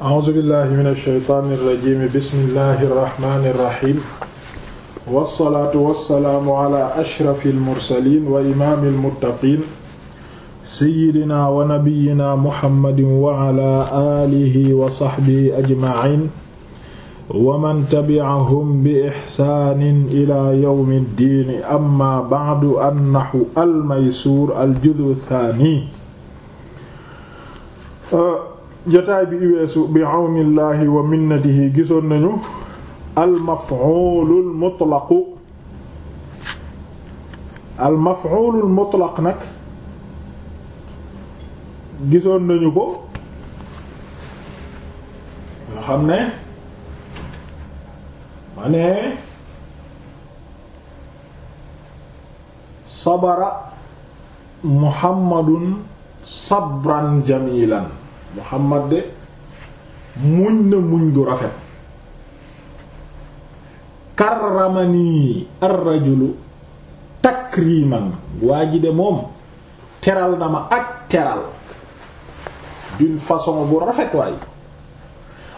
a'uuzu billahi mina shaytaani rajiim bismillahi rahmaani rahiim wassalaatu wassalaamu ala ashrafil mursaliin wa imaamil muttaqiin sayyidinaa wa nabiyyinaa muhammadin wa ala aalihi wa sahbihi ajma'iin wa man tabi'ahum bi ihsaanin ilaa yawmi ddiin amma ba'du an-nahwu al-maysuur al-juz'u thaani. jotaay bi iweesu bi àwnillaahi wa minnatihi gisoon nañu almaf'ulul mutlaqu almaf'ulul mutlaq nag gisoon nañu ko nga xam ne ma ne sabara muhammadun sabran jamilan Muhammad de muñ na muñ gu rafet karramani ar-rajulu takriman waa ji de moom teral na ma ak teral d'une façon bu rafet waay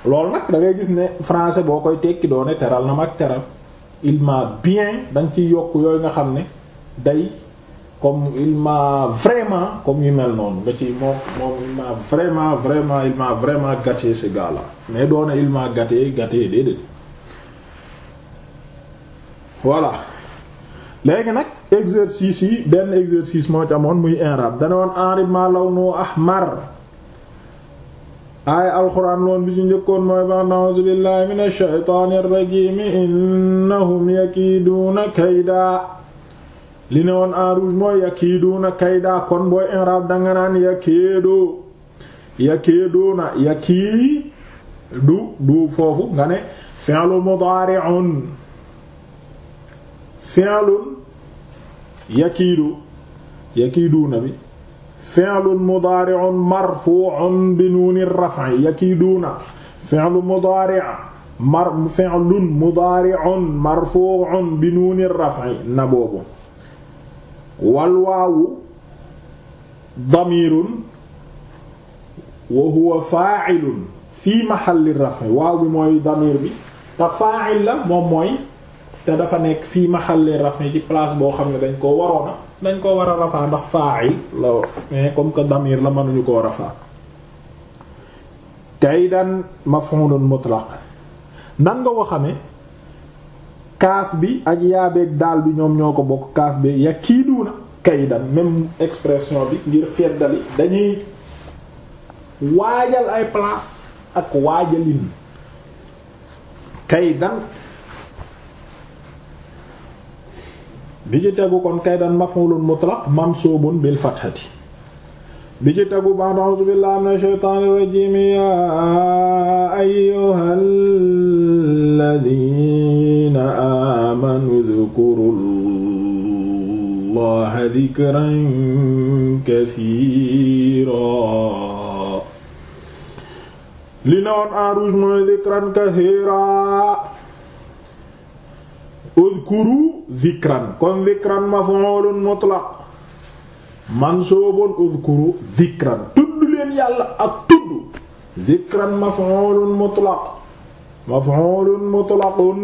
loolu nag dangay gis ne français boo koy tekki doone teral na ma ak teral il bien dañ ci yokk yooyu nga xam ne day comme il m'a vraiment comme yu mel noonu nga ci moom moom il vraiment vraiment il vraiment gâté ce mais doona il m'a gâté gâté déedéet voilà léegi nag exercice yi benn exercice moo ci amoon muy inrab dana enrib ma law noo ahmar aaya alxuraan loon bi ci njëkkoon mooy ban a'uuzu billahi minash shaytaanir rajiim innahum yakiiduuna kaydaa li ne woon en rouge mooy yakiiduuna kaydaa kon booy inrab danga yakiidu yakiiduuna yakii foofu nga ne fi'lu mudaari'un fi'lun bi fi'lun mudaari'un yakiiduuna fi'lu mudaari' mar bi nuuni raf'i na boobu wal waawu damirun wa fii mahalli raf'i waaw bi mooy damir bi te fa'il la moom mooy te dafa nekk fii mahalli raf'i ci place boo xam ne dañ koo waroona dañ koo war a rafaa ndax fa'il la comme que damir la mënuñu koo rafaa kaydan maf'ulun mutlaq nan nga ko xamee kaas bi ak yaabeeg daal bi ñoom ñoo ko bokk kaas bi yakiiduuna kaydan même expression bi ngir feddali dañuy waajal ay plan ak waajalin kaydan bi ci tegu kon kaydan maf'ulun mutlaq mansubun bil fathati bi ci tegu ba a'uuzu billahi minash shaytaanir rajiim ya ayyuhal alladina amanu dhkuru llaha dhikran kathira li newoon en rouge mooy dhikran kathira udkuru dhikran kon dhikran maf'ulun mutlaq mansubun udkuru dhikran tudd leen yàlla ak tudd dhikran maf'ulun mutlaq maf'ulun mutlaqun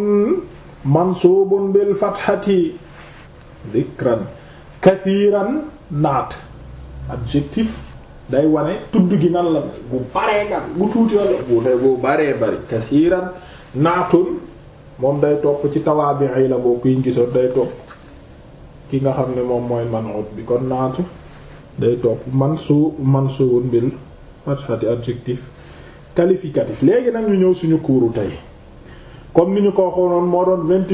mansuubun bil fatxati dikran kathiran naat adjectif day wane tudd gi nan la bu baree gan kathiran naatun moom day topp ci tawaabi la boo kuy gisoon day topp ki nga xam ne moom mooy manut bi kon naatu day topp mansu mansuubun bil fatxati adjectif qualificatif léegi nag ñu ñëw suñu kuuru tey comme ni ñu ko waxoonoon moo doon vingt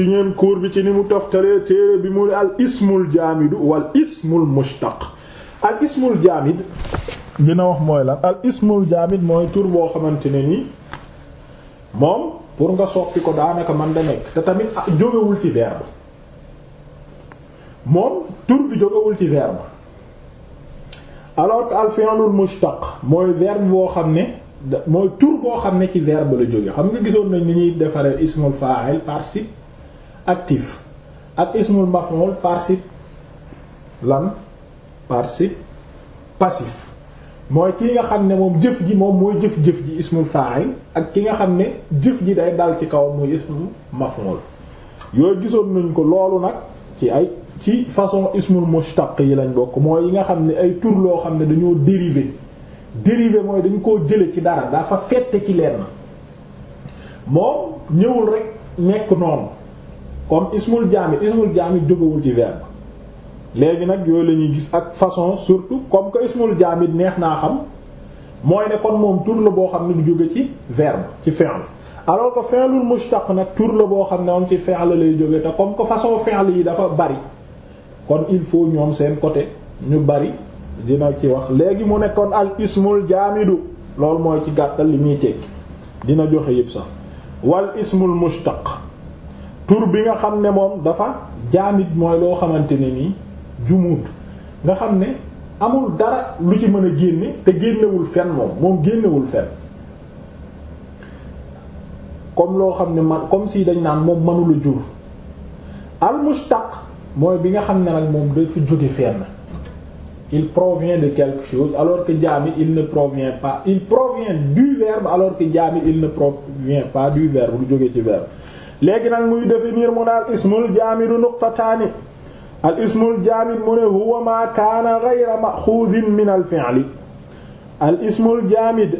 bi ci ni mu toftalee téere bi mu al ismul jaamidu wal ismul mushtaq al ismul jaamid gën a wax mooy lan al ismul jaamid mooy tur boo xamante ne ni moom pour nga soppi ko daanaka man da nekk te tamit ah, jógewul ci verbe moom tur bi jógewul ci verbe alors que al fi'lul mushtaq mooy verbe boo xam ne mooy tur boo xam ne ci verbe la jóge xam nga gisoon nañ ni ñuy defaree ismul fa'il participe actif ak ismul maf'ul participe lan participe passif mooy ki nga xam ne moom jëf ji moom mooy jëf-jëf ji ismul fa'il ak ki nga xam ne jëf ji day dal ci kaw muy ismul maf'ul yooyu gisoon nañ ko loolu nag ci ay ci façon ismul mushtaq yi lañ bokk mooy yi nga xam ne ay tur loo xam ne dañoo dérivé dérivé mooy dañu koo jële ci dara dafa fette ci leen na moom ñëwul rek nekk noonu kon ismul jaami ismul jaami jógewul ci verbe léegi nag yooyu la ñuy gis ak façon surtout comme que ismul jaami neex naa xam mooy ne kon moom tur la boo xam ne du jóge ci verbe ci fi'l alors que fi'lul mushtaq nag tur la boo xam ne moom ci fi'l lay jóge te comme que façon fi'l yi dafa bari kon il faut ñoom seen côté ñu bari dina ci wax léegi mu nekkoon al ismul jaamidu loolu mooy ci gàttal li muy tekki dina joxe yëpp sax wal ismul mushtaq tur bi nga xam ne moom dafa jaamid mooy loo xamante ne nii jumuud nga xam ne amul dara lu ci mën a génne te génnewul fen moom moom génnewul fen comme loo xam ne man comme sii dañ naan moom mënula jur al mushtaq mooy bi nga xam ne nag moom dafa jóge fenn il provient de quelque chose alors que jaami il ne provient pas il provient du verbe alors que jaami il ne provient pas du verbe du jógee ci verbe léegi nag muy définir mu ne al ismul jaamidu nuqtataani al ismul jaamid mu ne huwa ma kaana ghayra maxuudin min al fi'li al ismul jaamid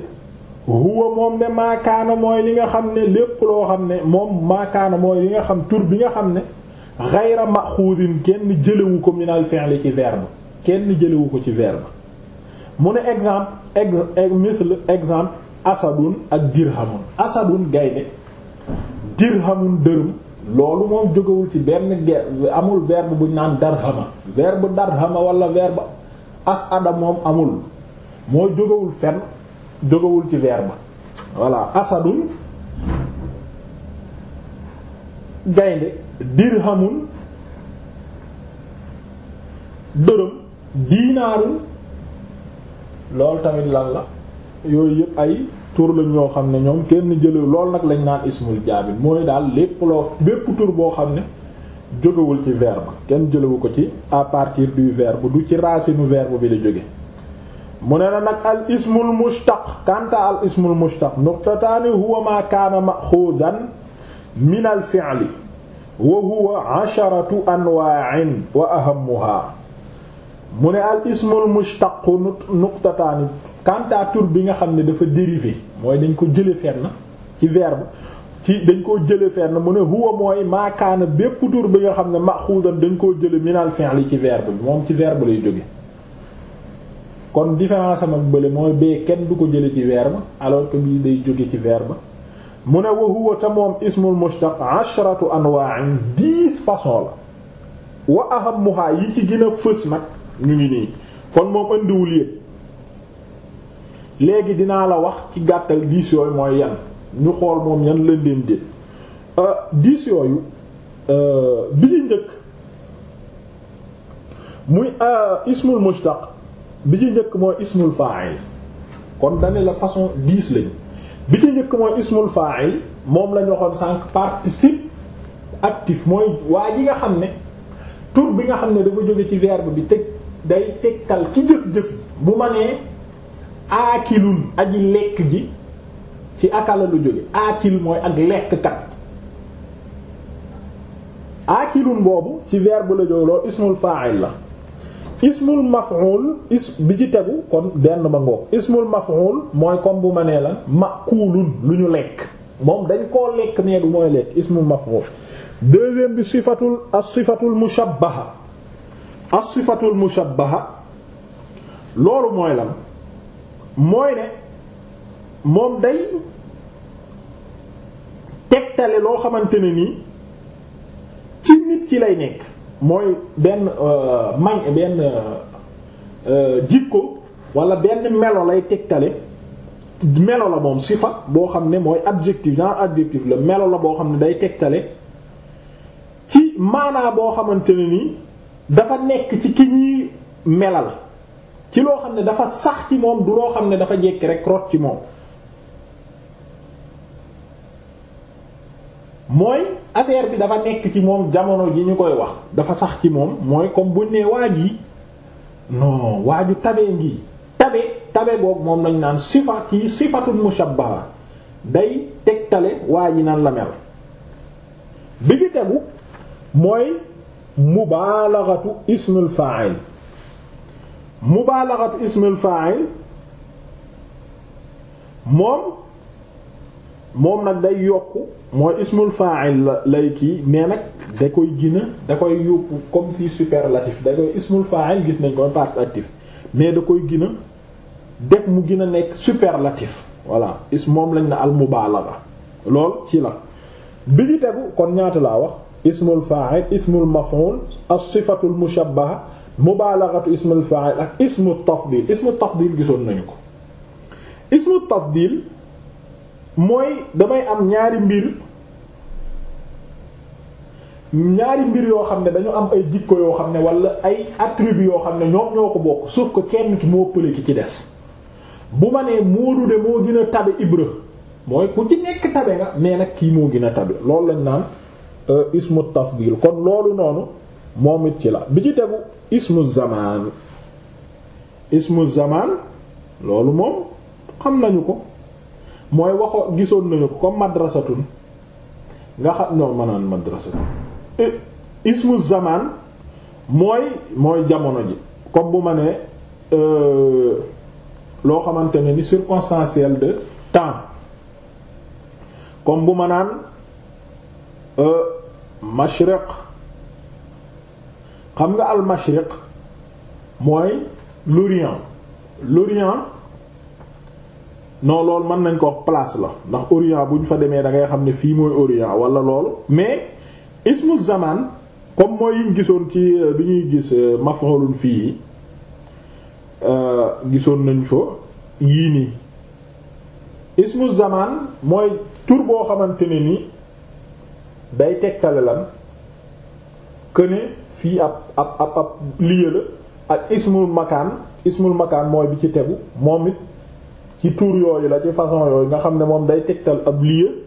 huwa moom ne maakaana mooy li nga xam ne lépp loo xam ne moom maakaana mooy li nga xam tur bi nga xam ne ghayra maxuudin kenn jëlewu ko min al fi'li ci verbe kenn jëlewu ko ci verbe mu ne exemple ex exemple asadun ak dirhamun asadun gaynde dirhamun dërëm loolu moom jógewul ci benn amul verbe buñ naan darhama verbe darhama wala verbe asada moom amul moo jógewul fen jógewul ci verbe voilà asadun gaynde dirhamun dërëm diinaarul lool tamit lan la yooyu yëpp ay tur lañ ñoo xam ne ñoom kenn jële lool nag lañ naan ismul jaabir mooy daal lépp loo bépp tur boo xam ne jógewul ci verbe kenn jëlewu ko ci à partir du verbe du ci racine verbe bi la jóge mu ne na nag al ismul mushtaq kanta al ismul mushtaq nuqtataani huwa ma kaana maxuudan min al fi'li wa huwa asharatu anwaa'in mu ne al ismul mushtaqu nuqtataani quant à tur bi nga xam ne dafa dérivé mooy dañ ko jële fenn ci verbe ci dañ koo jële fenn mu ne huwa mooy maakaana bépp tur bi nga xam ne maxuudan dañ koo jële minal fi'li ci verbe bi moom ci verbe lay jóge kon différence am ak bële mooy bee kenn du ko jële ci verbe alors que bii day jóge ci verbe mu ne wa huwa ta moom ismul mushtaq ashratu anwa'in dix façons la wa ahammuha yi ci gën a fës nag ñu ngi nii kon moom andiwul yëpp léegi dinaa la wax ki gàttal dix yooyu mooy yan ñu xool moom yan lëndëm déet dix yooyu euh, bi ci njëkk muy euh, ismul mushtaq bi ci njëkk mooy ismul fa'il kon dane la façon dix lañ bi ci njëkk mooy ismul fa'il moom lañ waxoon sànq participe actif mooy waa ji nga xam ne tour bi nga xam ne dafa jóge ci verbe bi teg day tekkal ki jëf-jëf bu ma nee aakilun aji lekk ji ci akala lu jóge aakil mooy ak lekk kat aakilun boobu ci verbe la jóge ismul fa'il la ismul maf'ul is bi ci tegu kon benn ba ngoog ismul maf'ul mooy comme bu ma nee la makulun lu ñu lekk moom dañ koo lekk nee du mooy lekk ismul maf'ul deuxième bi sifatul as sifatul mushabbaha as-sifatul mushabbaha loolu mooy lan mooy ne moom day tegtale loo xamante ne nii ci nit ki lay nekk mooy benn euh, mañ benn euh, jikko walla benn melo lay tegtale melo la moom sifa boo xam ne mooy adjectif genre adjectif la melo la boo xam ne day tegtale ci maanaa boo xamante ne nii dafa nekk ci ki ñuy melal ci loo xam ne dafa sax ci moom du loo xam ne dafa jekki rek rot ci moom mooy affaire bi dafa nekk ci moom jamono ji ñu koy wax dafa sax ci moom mooy comme buñ nee waaj yi non waaju tabee ngi tabe tabe boobu moom lañ naan sifa kii sifatul mushabbaha day tegtale waa ji naan la mel bi gi tegu mooy mubaalaxatu ismul fa'il mubaalaxatu ismul fa'il moom moom nag day yokk mooy ismul fa'il lay kii mais nag da koy gina da koy yóbbu comme si superlatif da koy ismul fa'il gis nañ ko partie actif mais da koy gina def mu gën a nekk superlatif voilà is moom lañ na al mubaalaxa lool ci la bi ñu tegu kon ñaata laa wax ismul fa'il ismul maf'ul as-sifatul mushabbaha mubaalaghatu ismul fa'il ak ismut tafdil ismut tafdil gisoon nañu ko ismut tafdil mooy damay am ñaari mbir ñaari mbir yoo xam ne dañu am ay jikko yoo xam ne walla ay atribu yoo xam ne ñoom ñoo ko bokk sauf que kenn ki moo pële ki ci des bu ma nee Moodu de moo gën a tabe Ibra mooy ku ci nekk tabe nga mais nag kii moo gën a tabe loolu lañ naan E, ismu tafdil kon loolu noonu moom it ci la bi ci tegu ismu zamaan ismu zamaan loolu moom xam nañu ko mooy waxo gisoon nañu ko comme madrasatun nga xam non manaan madrasatun e, ismu zamaan mooy mooy jamono ji comme bu ma ne e, loo xamante ne ni circonstanciel de temps comme bu ma naan mashriq xam nga al mashriq mooy l'Orient l'Orient non lool mën nañ ko wax place la ndax Orient bu fa demee da ngay xam ne fii mooy Orient wala lool mais ismu zaman comme mooy yiñ gisoon ci euh, bi ñuy gis euh, maf'ulun fii euh, gisoon nañu fa yii nii ismu zaman mooy tur boo xamante ne ni day tegtale lan que ne fii ab ab ab ab lieu la ak ismul makaan ismul makaan mooy bi ci tegu moom it ci tur yooyu la ci façon yooyu nga xam ne moom day tegtal ab lieu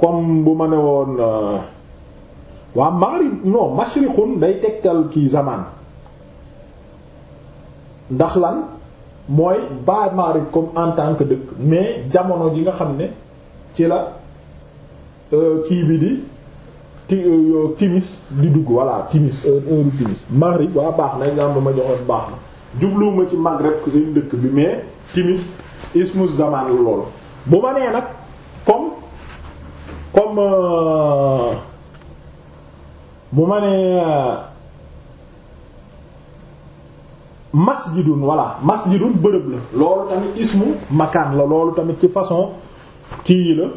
comme bu ma ne woon euh, waa maghrib non mashriqun day tegtal kii zamaan ndax lan mooy baa maghrib comme en tant que dëkk mais jamono ji nga xam ne ci la Euh, kii bi di ti euh, euh, timis di dugg voilà timis heure heure timis maghrib waa baax na exemple ma joxoon baax na jubluwuma ci maghrib ku seen dëkk bi mais timis ismu zaman la loolu bu ma nee nag kom comme bu ma nee masjidun voilà masjidun bërëb la loolu tamit ismu makaan la loolu tamit ci façon kii la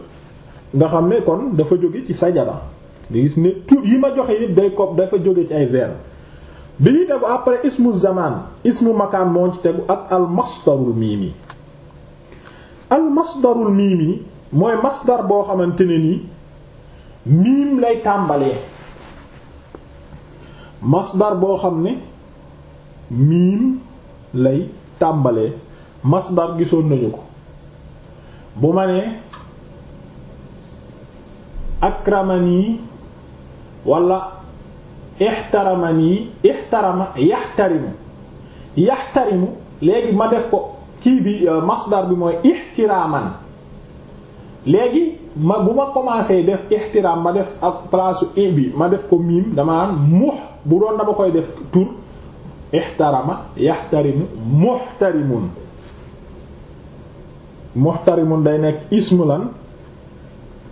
nga xam ne kon dafa jóge ci sajara nga gis ne tur yi ma joxe yëpp day ko dafa jóge ci ay verbe bi ñuy tegu après ismu zaman ismu makaan moo ci tegu ak al masdarul miimi al masdarul miimi mooy masdar boo xamante ne nii miim lay tàmbalee masdar boo xam ne miim lay tàmbalee masdar gisoon nañu ko bu ma nee akramani wala ixtaramani ixtarama yaxtarimu yaxtarimu léegi ma def ko kii bi euh, masdar bi mooy ixtiraaman léegi ma bu ma commencé def ixtiraam ma def ak place e bi ma def ko miim dama naan mux bu doon dama koy def tur ixtarama yaxtarimu muxtarimun muxtarimun day nekk ismu lan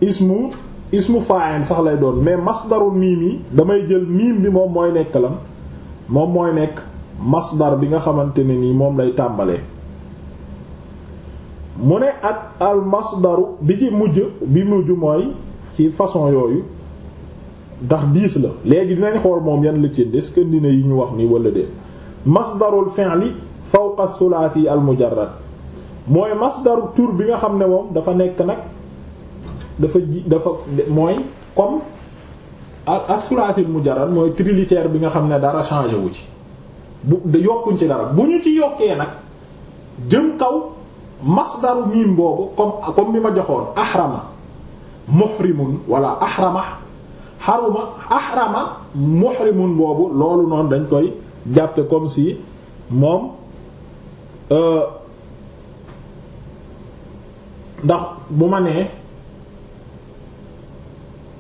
ismu ismu fa'il sax lay doon mais masdaru miim yi damay jël miim bi moom mooy nekk lan moom mooy nekk masdar bi nga xamante ne nii moom lay tàmbalee mu ne ak al masdaru bi ci mujj bi mu mooy ci façon yooyu ndax diis la léegi dinañ xool moom yan la ci est yi ñu wax ni wala de masdarul fi'li fawqa thulathi al mujarrad mooy masdar tur bi nga xam ne moom dafa nekk nag dafa ji dafa mooy comme mu jaral mooy trilitère bi nga xam ne dara changé wu ci bu yokkuñ ci dara bu ñu ci yokkee nag jëm kaw masdaru miim boobu comme comme bi ma joxoon ahrama muhrimun walla ahrama haruma ahrama muhrimun boobu loolu noonu dañ koy jàppe comme si moom euh, ndax bu ma nee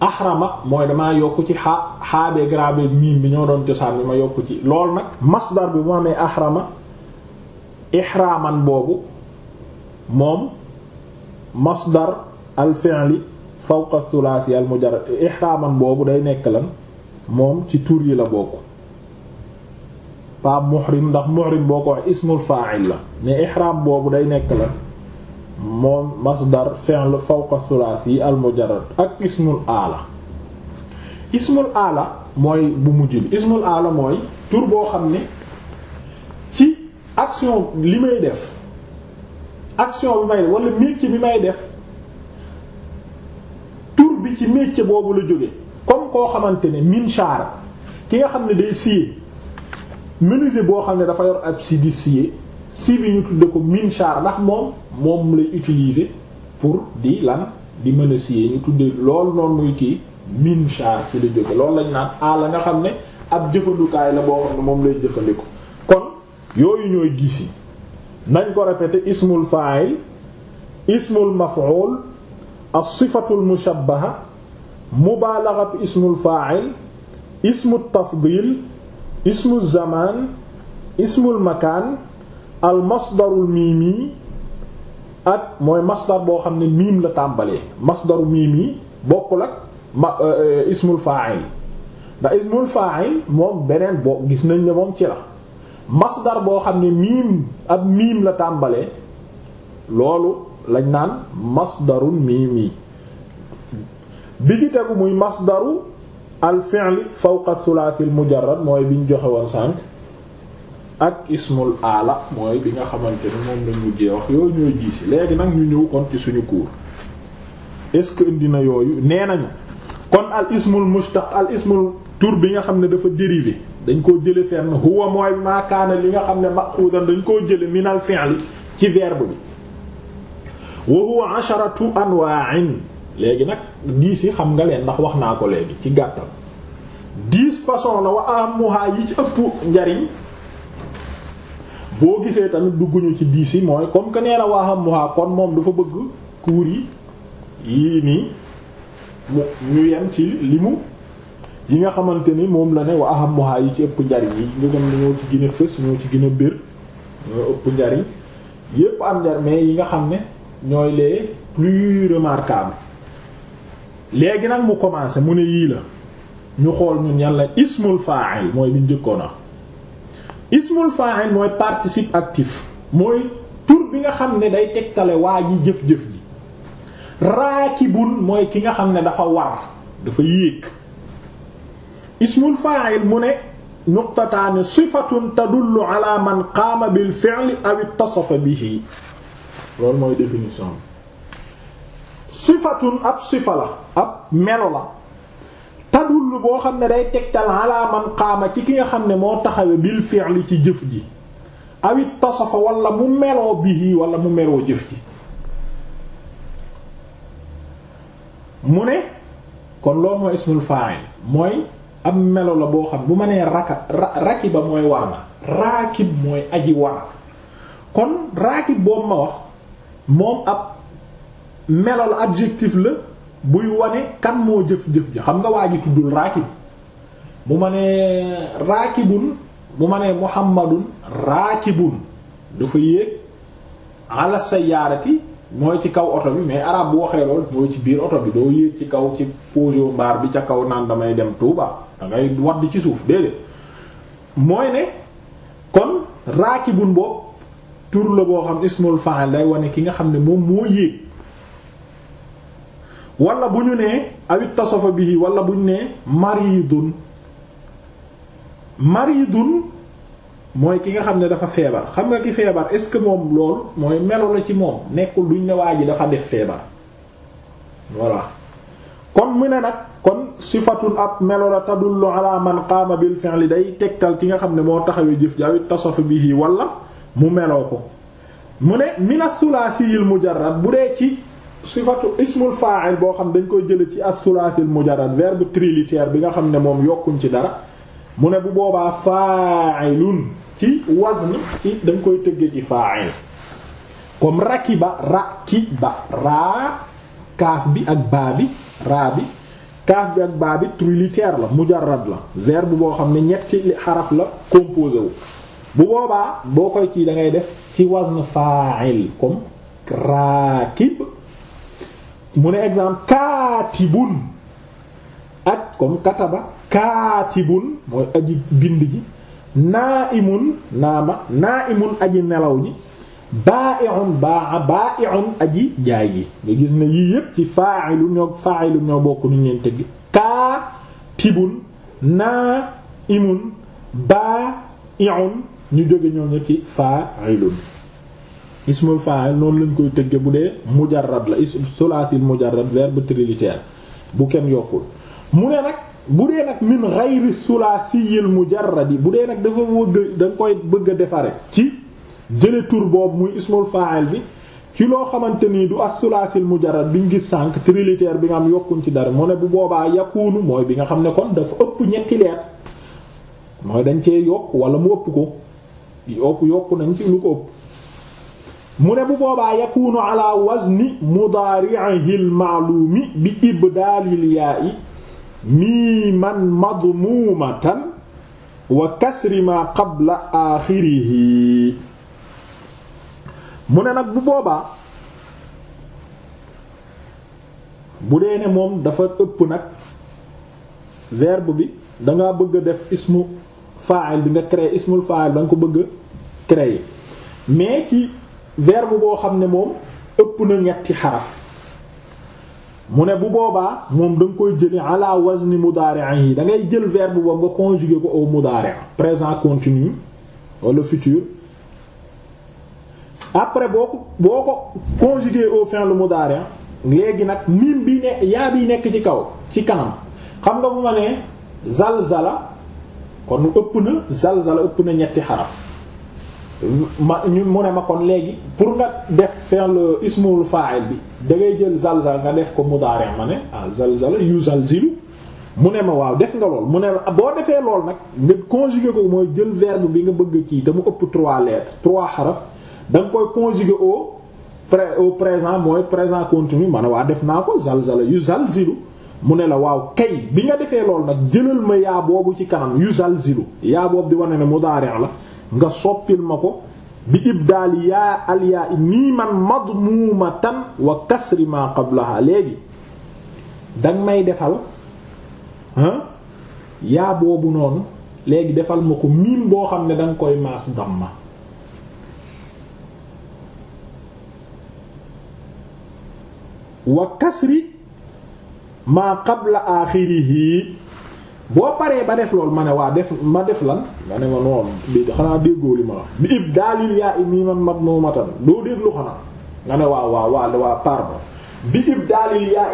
axrama mooy damaa yokk ci xaa xaabee grave miim bi ñoo doon cosaan bi ma yokk ci lool nag masdar bi bu amee axrama ixraaman boobu moom masdar al fi'li fawqa al mujarrad ixraaman boobu day nekk lan moom ci tur yi la bokk pa muhrim ndax muhrim boo ko wax ismul fa'il la mais ixraam boobu day nekk lan moom masdar fi'l fawqa thulathi al mujarrad ak ismul aala ismul aala mooy bu mujj bi ismul aala mooy tur boo xam ne ci action li may def action bi may def wala métier bi may def tur bi ci métier boobu la jóge comme koo xamante ne minshar ki nga xam ne day scier menuisier boo xam ne dafa yor ab si di scier si bi ñu tudd ko minchar ndax moom moom lay utiliser pour di lan di mën a scier ñu tuddee lool noonu muy kii minchar ci la jóge loolu lañ naan ala nga xam ne ab jëfandukaay la boo xam ne moom lay jëfandiku kon yooyu ñooy gis yi nañ ko répéter ismul fa'il ismul maf'ul as-sifatul mushabbaha mubaalaghatu ismul fa'il ismut tafdil ismul zamaan ismul makaan al masdarul miimi ak mooy masdar boo xam ne miim la tàmbalee masdaru miimi bokkul ak ma euh, ismul ndax ismul fa'il moom beneen boo gis nañ ne moom ci la masdar boo xam ne miim ab miim la tàmbalee loolu lañ naan masdarul miimi bi ci tegu muy masdaru al fi'l fawqa thulathil mujarrad mooy biñ joxe woon sànq ak ismul aala mooy bi nga xamante ni moom lañ mujjee wax yooyu ñooy jiisi léegi nag ñu ñëw kon ci suñu cours est-ce que indi na yooyu nee nañu kon al ismul mushtaq al ismul tur bi nga xam ne dafa dérivé dañ koo jële fenn huwa mooy maakaana li nga xam ne maqudan dañ koo jële minal fi'li ci verbe bi wa huwa asharatu léegi nag diis yi xam nga leen ndax wax naa ko léegi ci gàttal dix façons la wa amuha yi ci ëpp njariñ boo gisee tamit dugguñu ci diis yi mooy comme que nee na waaxam waxaa kon moom dafa bëgg kuur yi yii nii mu ñu yem ci li mu yi nga xamante ni moom la ne wa aham waxaa yi ci ëpp njariñ yi nga xam ne ñoo ci gën a fës ñoo ci gën a biir ñoo ëpp njariñ yépp am njariñ mais yi nga xam ne ñooy les plus remarquables léegi nag mu commencé mu ne yii la ñu xool ñun yan la ismul fa'il mooy bi njëkkoon a ismul fa'il mooy participe actif mooy tur bi nga xam ne day tegtale waa ji jëf-jëf ji raakibun mooy ki nga xam ne dafa war dafa yéeg ismul fa'il mu ne nuqtataani sifatun tadullu ala man qaama bil fi'li aw bi bihi loolu mooy définition sifatun ab sifa la ab melo la tadullu boo xam ne day tegtal ala man qaama ci ki nga xam ne moo taxawe bil fi'li ci jëf ji awit tasafa wala mu meloo bihi wala mu meloo jëf ji mu ne kon loolu mooy ismul fa'il mooy ab melo la boo xam bu ma nee raka rakiba mooy war na raakib mooy aji war kon raakib boobu ma wax moom ab melol adjectif la buy wane kan moo jëf-jëf ji xam nga waa ji tuddul raakib bu ma nee raakibun bu ma nee muhammadun raakibun dafa yéeg sa sayyarati mooy ci kaw oto bi mais arab bu waxee lool mooy ci biir oto bi doo yéeg ci kaw ci poso mbaar bi ca kaw naan damay dem tuuba da ngay wadd ci suuf déedéet mooy ne kon raakibun boobu tur la boo xam ismul fa'il lay wane ki nga xam ne moom moo yéeg wala bu ñu nee awit tasafa bii wala bu ñu nee maridun dun mooy ki nga xam ne dafa feebar xam nga ki feebar est-ce que moom loolu mooy melo la ci moom nekkul duñ ne waa ji dafa def feebar voilà kon mu ne nag kon sifatun ab melo la tadullu ala man qaama bil fi'li day tegtal ki nga xam ne moo taxawee jëf ji awit tasafa bii wala mu meloo ko mu ne mina sulaasiyil mujarrad bu dee ci sifatu ismul fa'il boo xam dañ koy jële ci as-sulaasil mujarrad verbe trilitère bi nga xam ne moom yokkuñ ci dara mu ne bu boobaa fa'ilun ci wazn ci dañ koy tëgge ci fa'il comme rakiba rakiba raa kaaf bi ak baa bi raa bi kaaf bi ak baa bi trilitère la mujarrad la verbe boo xam ne ñetti xaraf la composé bu boobaa boo koy ci dangay def ci wazn fa'il comme raakib mu ne exemple kaatibun ak comme kataba kaatibun mooy aji bind ji naaimun naama naaimun aji nelaw ji baa'i'un baa'a aji jaay ji nga gis ne yii yépp ci faa'ilu ñoo faa'ilu ñoo bokk nu ñeen tëgg kaatibun naimun baa'i'un ñu jóge ñoo ñëpp ci fa'ilun ismul fa'il noonu lañ koy tëgge bu dee mujarrad la ism sulaasil mujarrad verbe trilitère bu kenn yokkul mu ne nag bu dee nag min ghayri sulaasiyil mujarrad yi bu dee nag dafa bëgg da koy bëgg a defare ci jële tur boobu muy ismul fa'il bi ci loo xamante nii du as sulaasil mujarrad biñ gis sànq trilitère bi nga am yokkuñ ci dara mu ne bu boobaa yakunu mooy bi nga xam ne kon dafa ëpp ñetti leer mooy dañ cee yokk wala mu ëpp ko yokk nañ ci lu ko ëpp mu ne bu boobaa yakunu ala wazni mudaari'ihi al-ma'luumi bi ibdaalil yaa'i miiman madmuumatan wa kasri ma qabla aaxirihi mu ne nag bu boobaa bu dee ne moom dafa ëpp nag verb bi danga bëgg a def ismu fa'il bi nga créer ismul fa'il da nga ko bëgg a créer mais ci verbe boo xam ne moom ëpp na ñetti xaraf mu ne bu boobaa moom da nga koy jëli ala wazni mudaari'i da ngay jël verbe ba nga conjuguer ko au mudaari' présent continu wala futur après boo ko boo ko conjuguer au fi'l mudaari' léegi nag mim bi ne yaa bi nekk ci kaw ci kanam xam nga bu ma nee zalzala kon ëpp na zalzala ëpp na ñetti xaraf ma ñu mu ne ma kon léegi pour nga def faire le ismul fa'il bi da ngay jël zalzal nga def ko mudaari ma ne ah zalzala yuzalzilu mu ne ma waaw def nga lool mu ne ma boo defee lool nag nga conjuguer ko mooy jël verbe bi nga bëgg kii te mu ëpp trois lettres trois xaraf da nga koy conjuguer au présent mooy présent continu ma ne waa def naa ko zalzala yuzalzilu mu ne la waaw kay bi nga defee lool nag jëlal ma yaa boobu ci kanam yuzalzilu yaa boobu di wane ne mudaari la. nga soppil ma ko bi daal yaa alyaa nii man madmuumatan wa kasri ma qablaha léegi danga may defal yaa boobu noonu léegi defal ma ko miim boo xam ne danga koy maas damma wa kasri ma qabla aaxirihi boo paree ba def loolu ma ne waa def ma def lan ma ne ma noonu bi xanaa déggoo li ma wax bi ib daalil yaa mii man mat moo matan doo déglu xanaa nga ne waaw waaw waa waa pardon bi ib daalil yaa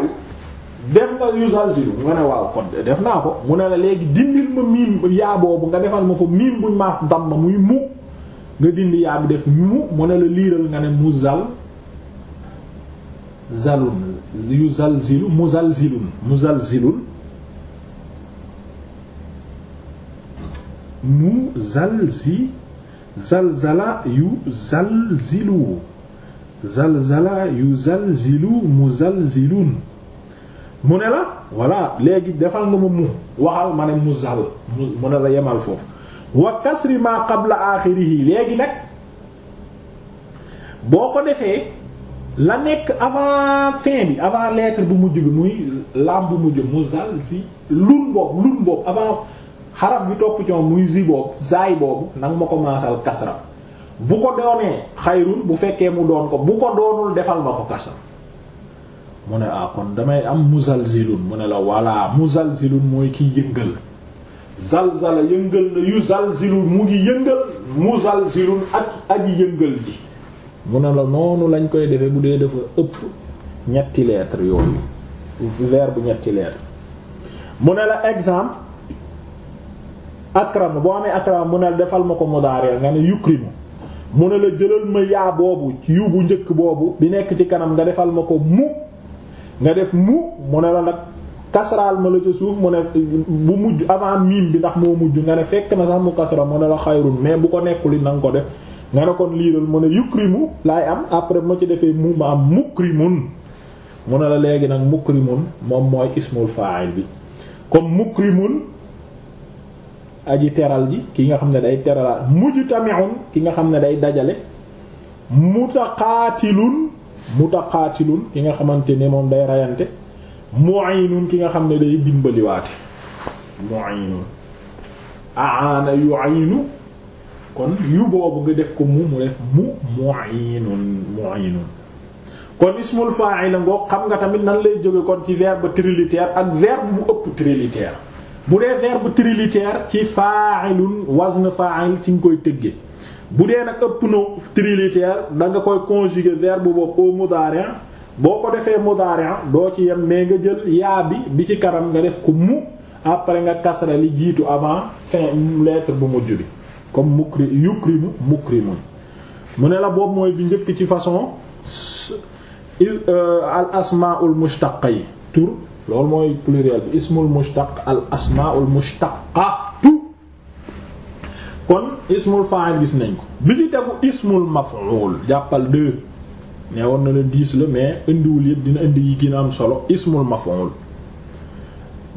def nga yusalsilu nga ne waaw kon def naa ko mu ne la léegi dindil ma miim yaa boobu nga defal ma fa miim buñ maas dam ma muy mu nga dindi yaa def mu mu ne la liiral nga ne mu zal zalun yuzalzilu muzalzilun muzalzilun mu zalzi zalzala yu zalzilu zalzala yu zalzilu mu zalzilun mu ne la voilà léegi defal nga ma mu waxal ma ne mu zal mu ne la yemal foofu wa kasri ma qabla yi léegi nag boo ko defee la nekk avant fin bi avant lettre bu mujj bi muy lam bu mujj mu zal si lun boobu lun boobu xaraf bi topp ci muy zi boobu zaay boobu nanga ma ko maasal kasra bu ko doonee xayrun bu fekkee mu doon ko bu ko doonul defal ma ko kasra mu ne ah kon damay am muzalzilun mu ne la walla muzalzilun mooy kiy yëngal zalzala yëngal na yu zalzilu mu ngi yëngal muzalzilun ak aji yëngal ji mu ne la noonu lañ koy defee bu dee dafa ëpp ñetti lettre yooyu verbe bu ñetti lettre mu ne la exemple akrama boo amee akrama mu ne la defal ma ko mudaareel nga ne yukrimu mu ne la jëlal ma yaa boobu yu bu njëkk boobu bi nekk ci kanam nga defal ma ko mu nga def mu mu ne la nag kasraal ma suuf mu ne mujj avant miim bi ndax moo mujj nga ne fekk na sax mu kasra mu ne la xayrun mais bu ko nekkul na nga ko def nga ne kon liiral mu ne yukrimu laay am après ma ci defee mu ma am mukrimun mu ne la léegi nag mukrimun moom mooy ismul fa'il bi comme mukrimun aji teral ji ki nga xam ne day teralaat mujtami'un ki nga xam ne day dajale mutaqaatilun mutaqaatilun ki nga xamante ne moom day rayante mu'inun ki nga xam ne day dimbaliwaate mu'inun aana yu'inu kon yu boobu nga def ko mu mu def mu mu'inun mu'inun kon ismul fa'il ngoo xam nga tamit nan lay jóge kon ci verbe trilitaire ak verbe bu ëpp trilitaire bu dee verbe trilitère ci faa fa'ilun wazn fa'il ci nga koy tëggee bu dee nag ëpp na trilitère da nga koy conjuguer verbe boobu au mudari' boo ko defee mudari' doo ci yem mais nga jël yaa bi bi ci kanam nga def ko mu après nga kasra li jiitu avant fin lettre bu mujj bi comme mukri yukrimu mukrimun mu ne la boobu mooy bi njëkk ci façon euh, al asmaul mushtaqa yi tur loolu mooy pluriel bi ismul mushtaq al asmaul mushtaqatu kon ismul fa'il gis nañ ko bi ci tegu ismul maf'ul jàppal deux nee woon na la dix la mais indiwul yëpp dina indi yi am solo ismul maf'ul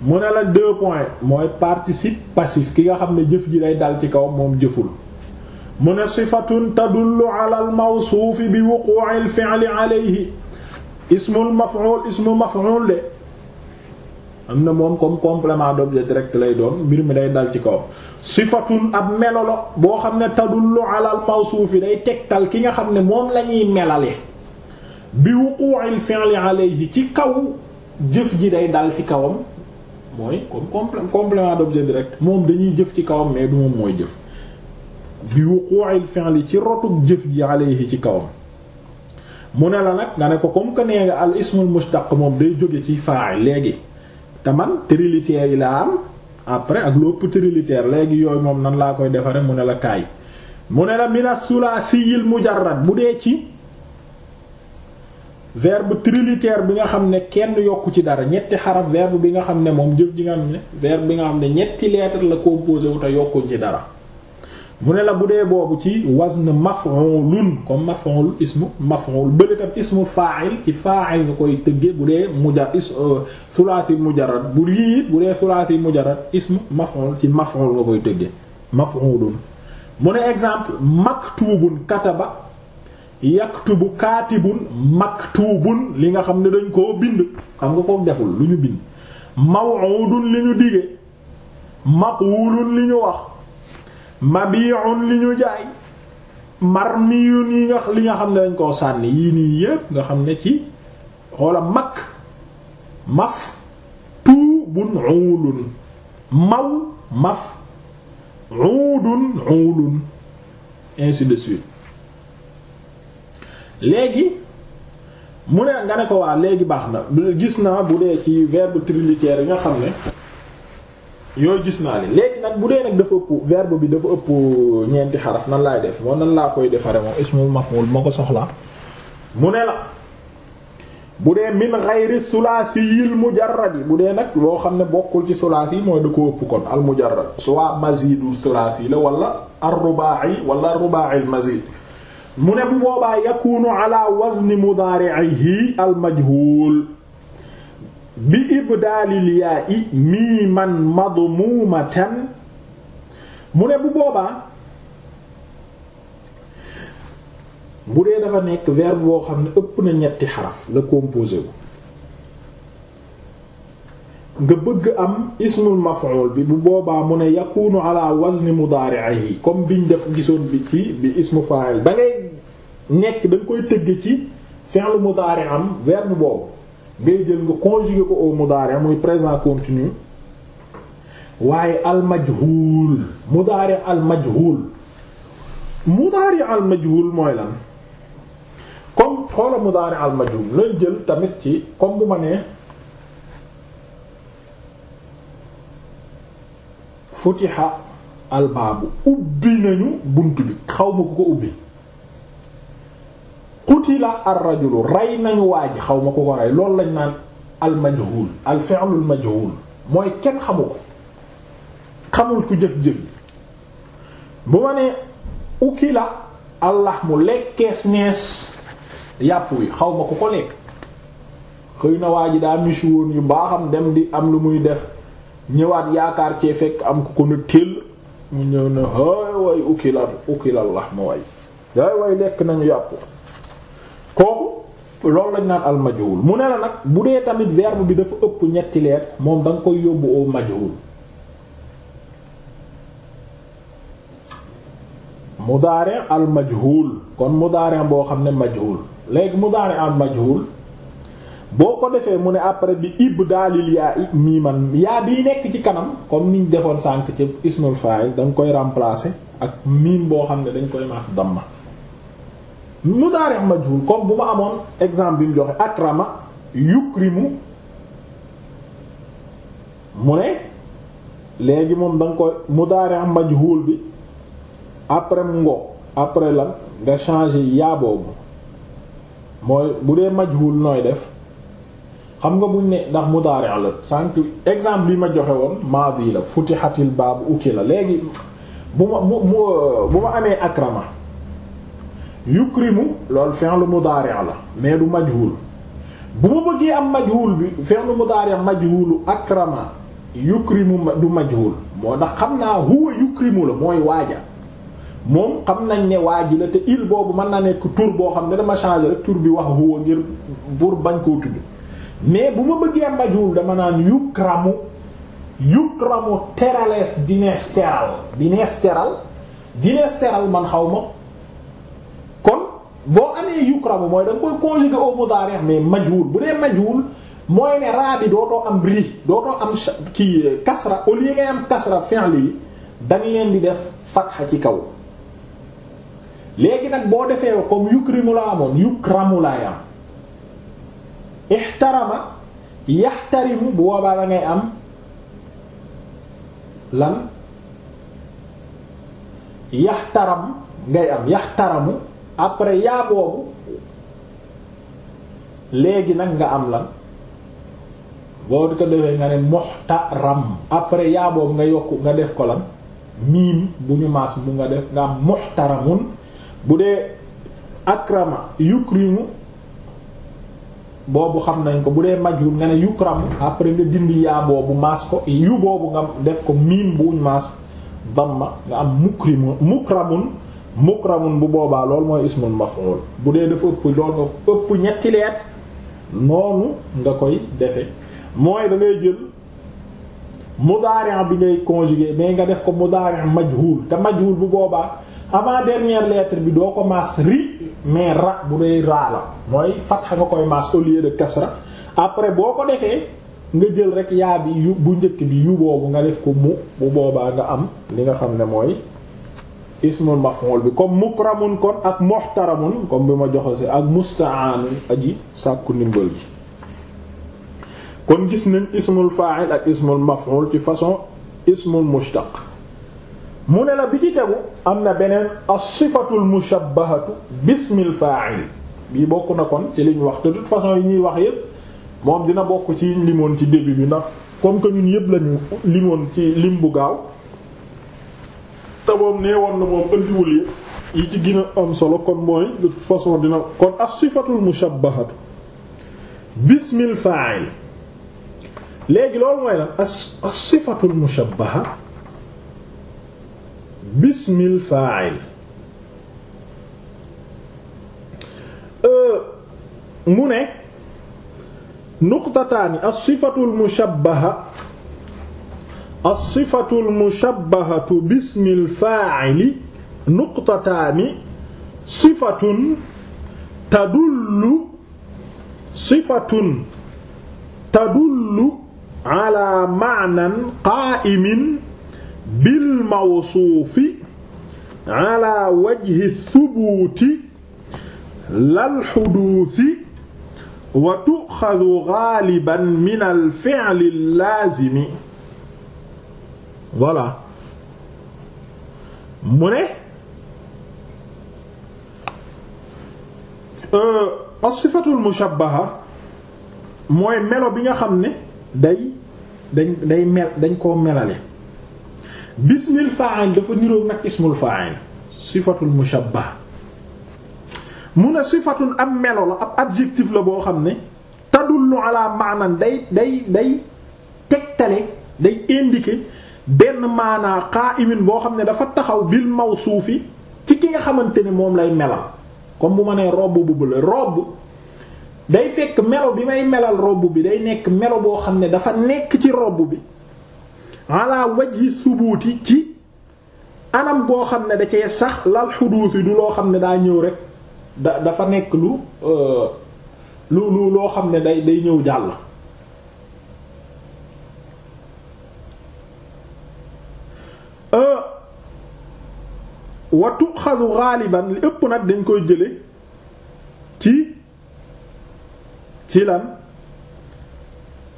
mu ne la deux points mooy participe passif ki nga xam ne jëf ji lay dal ci kaw moom jëful mu ne sifatun tadullu ala al mawsuufi bi wuqu'il fi'li alayhi ismul maf'ul ismul maf'ul de am na moom comme complément d'objet direct lay doon mbir mi day dal ci kawam sifatun ab melolo boo xam ne tadullu alal yi day tegtal ki nga xam ne moom lañuy melale bi wuqu'il fi'li alayhi ci kaw jëf ji day dal ci kawam mooy comme complément d'objet direct moom dañuy jëf ci kawam mais du moom mooy jëf bi wuqu'il fi'li ci rotug jëf ji alayhi ci kawam mu ne la nag nga ne ko comme que nee nga al ismul mushtaq moom day jóge ci fa'il léegi te man trilitère yi laa am après ak lépp trilitère léegi yooyu moom nan laa koy defaree mu ne la kaay mu ne la mina sulaasiyil mujarrad bu dee ci verbe trilitère bi nga xam ne kenn yokku ci dara ñetti xaraf verbe bi nga xam ne moom jëf ji nga xam ne verbe bi nga xam ne ñetti lettre la composé wu te yokkuñ ci dara mu ne la bu dee boobu ci wazn maf'ulun comme maf'ul ismu maf'ul bële tam ismu fa'il ci fa'il nga koy tëgge bu dee mujar is sulaasi euh, mujarrad bu lii bu dee sulaasi mujarrad ismu maf'ul ci maf'ul nga koy tëgge maf'ulun mu ne exemple maktubun kataba yaktubu kaatibun maktubun li nga xam ne dañ koo bind xam nga ko deful lu ñu bind maw'udun li ñu dige maqulun li ñu wax mabi'un li ñu jaay marmiyun yi nga li nga xam ne dañ koo sànni yii nii yépp nga xam ne ci xoola mag maf tuubun uulun maw maf uudun uulun ainsi de suite léegi mu ne nga ne ko waa léegi baax na gis naa bu dee ci verbe trilitère yi nga xam ne yooyu gis naa li léegi nag bu dee nag dafa ëpp verbe bi dafa ëpp ñeenti xaraf nan laay def moom nan laa koy defare moom ismul maf'ul ma ko soxla mu ne la bu dee min ghayri sulaasiyil mujarrad yi mu dee nag loo xam ne bokkul ci sulaasi yi mooy da ko ëpp kon al mujarrad soit mazidu sulaasi la wala ar-ruba'i wala ar-ruba'i al-mazid mu ne bu boobaa yakunu ala wazni mudari'ihi al majhul bi ibdaalil yaa i mii man madmuumatan mu ne bu boobaa bu dee dafa nekk verbe boo xam ne ëpp na ñetti xaraf la composé nga bëgg am ismul maf'ul bi bu boobaa mu ne yakunu ala wazni ay comme biñ def gisoon bi ci bi ismu fa'il da nekk da koy tëgg ci fi'l mudaari am verbe boobu ngay jël nga conjuguer ko au mudaari muy présent continu waaye al majhul mudaari al majhul mudaari al mooy lan comme xoola mudaari al majhul jël tamit ci comme bu ma nee futiha al ubbi nañu bunt bi xaw ma ku ko ubbi qutila ar-rajulu rey nañu waa ji xaw ma ku ko rey loolu lañ naan al-majhul al-fi'lu al-majhul mooy kenn xamu ko xamul ku jëf-jëf bu ma nee ukila al-lahmu lekkees nees yàpp wi xaw ma ku ko lekk xëy na waa ji daa michu woon yu baaxam dem di am lu muy def ñëwaat yaakaar cee fekk am ku ko na téll mu ñëw na ay way ukila ukila al-lahmu way yaay way lekk nañu yàpp kooku loolu lañ naan al mu ne la nag bu dee tamit verbe bi dafa ëpp ñetti leer moom da nga koy yóbbu au majhul mudaari al majhul kon mudaari boo xam ne majhul léegi mudaari al majhul boo ko defee mu ne après bi ibdaalil yaa mii man yaa biy nekk ci kanam comme niñ defoon sànq ci ismul fa'il da nga koy remplacer ak miim boo xam ne dañ koy maax damma mudaari' majhul comme bu ma amoon exemple bi mu joxe akrama yukrimu mu ne léegi moom da nga koy mudaari' majhul bi après ngo après lan nga changer yaa boobu mooy bu dee majhul nooy def xam nga buñ ne ndax mudaari' la sànq exemple bi ma joxe woon maadi la futihatil baabu la léegi bu ma bu ma amee akrama yukrimu loolu fi'lu mudaari' la mais du majhul bu ma bëggee am majhul bi fi'lu mudaari' majhulu akrama yukrimu du majhul moo tax xam naa huwa yukrimu la mooy waaja moom xam nañ ne waa ji la te il boobu mën na nekk tur boo xam ne dama changer rek tur bi wax huwa ngir pour bañ koo tudd mais bu ma bëggee am majhul dama naan yukramu yukramu terales dines teral dines teral dines teral man xaw ma boo amee yukramu mooy da nga koy conjuguer au mudari mais majhul bu dee majhul mooy ne raa bi dootoo am ri dootoo am ki kasra au lieu ngay am kasra fi'li yi dañ leen di def fatha ci kaw léegi nag boo defee comme yukrimu la amoon yukramu laay am ihtarama yahtarimu bu boobaa la ngay am lan yahtaram ngay am yahtaramu après yaa boobu léegi nag nga am lan boo ko defee nga ne muxtaram après yaa nga yokk nga def ko lan miim bu ñu maas bu nga def nga am muxtaramun bu dee akrama yukrimu boobu xam nañ ko bu dee majul nga ne yukramu après nga dindi yaa boobu maas ko yu boobu nga def ko miim bu ñu maas damma nga am mukrimu mukramun mukramun bu boobaa loolu mooy ismul maf'ul bu dee dafa ëpp lool nga ëpp ñetti leet noonu nga koy defe mooy da ngay jël mudaari' bi ngay conjuguer mais nga def ko mudaari' majhul te majhul bu boobaa avant dernière leetre bi doo ko maas ri mais ra bu dee raa la mooy fatha nga koy maas au de kasra après boo ko defee nga jël rek yaa bi yu bu njëkk bi yu boobu nga def ko mu bu boobaa nga am li nga xam ne mooy ismul maf'ul bi comme mukramun kon ak muhtaramun comme bi ma joxose ak musta'anun aji sàkku ndimbal bi kon gis nañ ismul fa'il ak ismul maf'ul ci façon ismul mushtaq mu ne la bi ci tegu am na beneen as-sifatul mushabbahatu bismil fa'il bii bokk na kon ci liñ wax de toute façon yi ñuy wax yépp moom dina bokk ci limon ci début bi ndax comme que ñun yépp lañu limoon ci lim bu gaaw nee woon na moom andiwul yi yi ci gën a am solo kon mooy façon dina kon as sifatul mushabbahatu bismil fa'il léegi loolu mooy lan as as bismil fa'il euh, mu ne nuqtataani as sifatul mushabbaha as-sifatu al-mushabbahatu bismi al-faa'ili nuqtataani sifatun tadullu sifatun tadullu ala ma'nan qaa'imin bil mawsuufi ala wajhi thubuuti lal xuduusi wa tuxadu gaaliban min al fi'li al laazimi voilà mu ne euh, as-sifatul mushabbaha mooy melo bi nga xam ne day dañ day mel dañ koo melale bismil fa'il dafa niroog nag ismul fa'il sifatul mushabbaha mu ne sifatun ab melo la ab adjectif la boo xam ne tadullu ala ma'nan day day day tegtale day indiquer benn maanaa qa'imin boo xam ne dafa taxaw bil suufi ci ki nga xamante ne moom lay melal comme bu ma nee robb bu bële robb day fekk melo bi may melal robb bi day nekk melo boo xam ne dafa nekk ci robb bi ala wajhi subuuti ci anam goo xam ne da cee sax lal xuduus yi du loo xam ne daa ñëw rek dafa nekk lu euh, lu lu loo xam ne day day ñëw jàll Euh, watu xalu xaaliban li ëpp nag dañ koy jële ci ci lan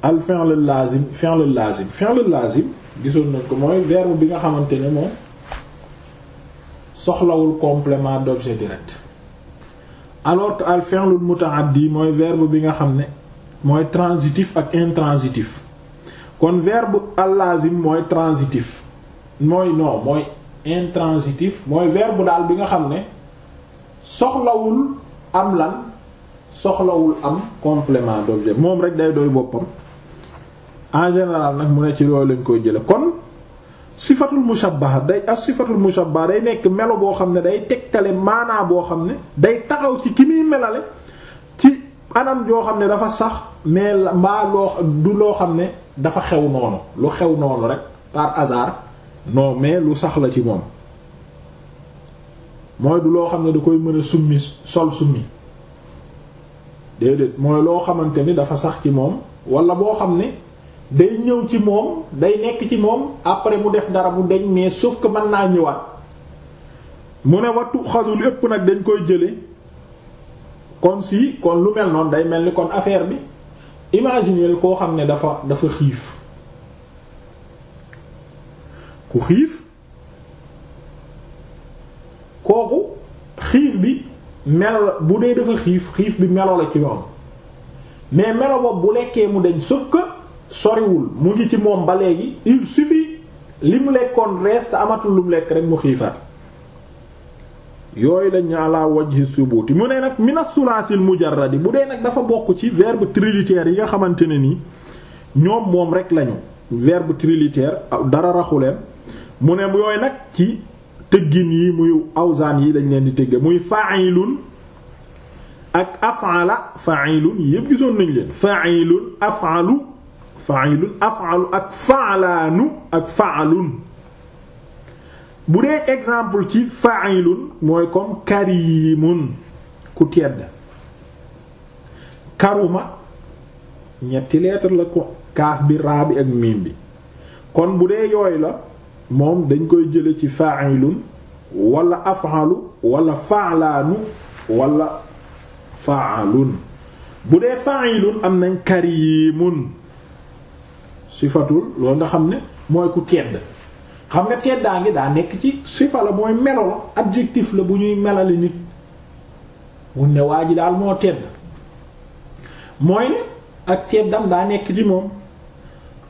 al fi'l lazim fi'l lazim fi'l lazim gisoon nañ ko mooy verbe bi nga xamante ne moom soxlawul complément d'objet direct alors que al fi'l muta'addi mooy verbe bi nga xam ne mooy transitif ak intransitif kon verb al lazim mooy transitif mooy non mooy intransitif mooy verbe daal bi nga xam ne soxlawul am lan soxlawul am complément d'objet moom rek day dooy boppam en général nag mu ne ci loolu lañ koy jële kon sifatul mushabbaha day as sifatul mushabbaha day nekk melo boo xam ne day tegtale maanaa boo xam ne day taxaw ci ki muy melale ci anam joo xam ne dafa sax mais mbaa loo du loo xam ne dafa xew noonu lu xew noonu rek par hasard non mais lu sax la ci moom mooy du loo xam ne da koy mën a summi sol summi déedéet mooy loo xamante ni dafa sax ci moom wala boo xam ne day ñëw ci moom day nekk ci moom après mu def dara bu deñ mais sauf que mën naa ñëwaat mu ne wattu xadul ëpp nag dañ koy jële kon si kon lu mel noonu day mel ni kon affaire bi imaginer koo xam ne dafa dafa xiif ku kooku xiif bi melo bu dee dafa xiif xiif bi melo la ci moom mais melo boobu bu lekkee mu deñ sauf que soriwul mu ngi ci moom ba léegi il suffit li mu lekkoon reste amatul lu mu lekk rek mu xiifaat yooyu lañ ala wajhi subuti mu ne nag mina sulaasil mujarradi bu dee nag dafa bokk ci verbe trilitaire yi nga xamante ne nii ñoom moom rek lañu verbe trilitaire dara raxuleen mu ne yooyu nag ci tëggin yi muy awzaan yi dañ leen di tëgge muy fa'ilun ak af'ala fa'ilun yépp gisoon nañ leen fa'ilun af'alu fa'ilun af'alu ak fa'lanu ak fa'alun bu dee exemple ci fa'ilun mooy comme karimun ku tedd karuma ñetti lettre la ko kaaf bi raa bi ak miim bi kon bu dee yooyu la moom dañ koy jële ci fa'ilun wala af'alu wala fa'lanu wala fa'alun bu dee fa'ilun am nañ karimun sifatul loolu nga xam ne mooy ku tedd xam nga teddaa ngi daa nekk ci sifa la mooy melo la adjectif la bu ñuy melali nit mun ne waa ji daal moo tedd mooy ne ak teddam daa nekk ci moom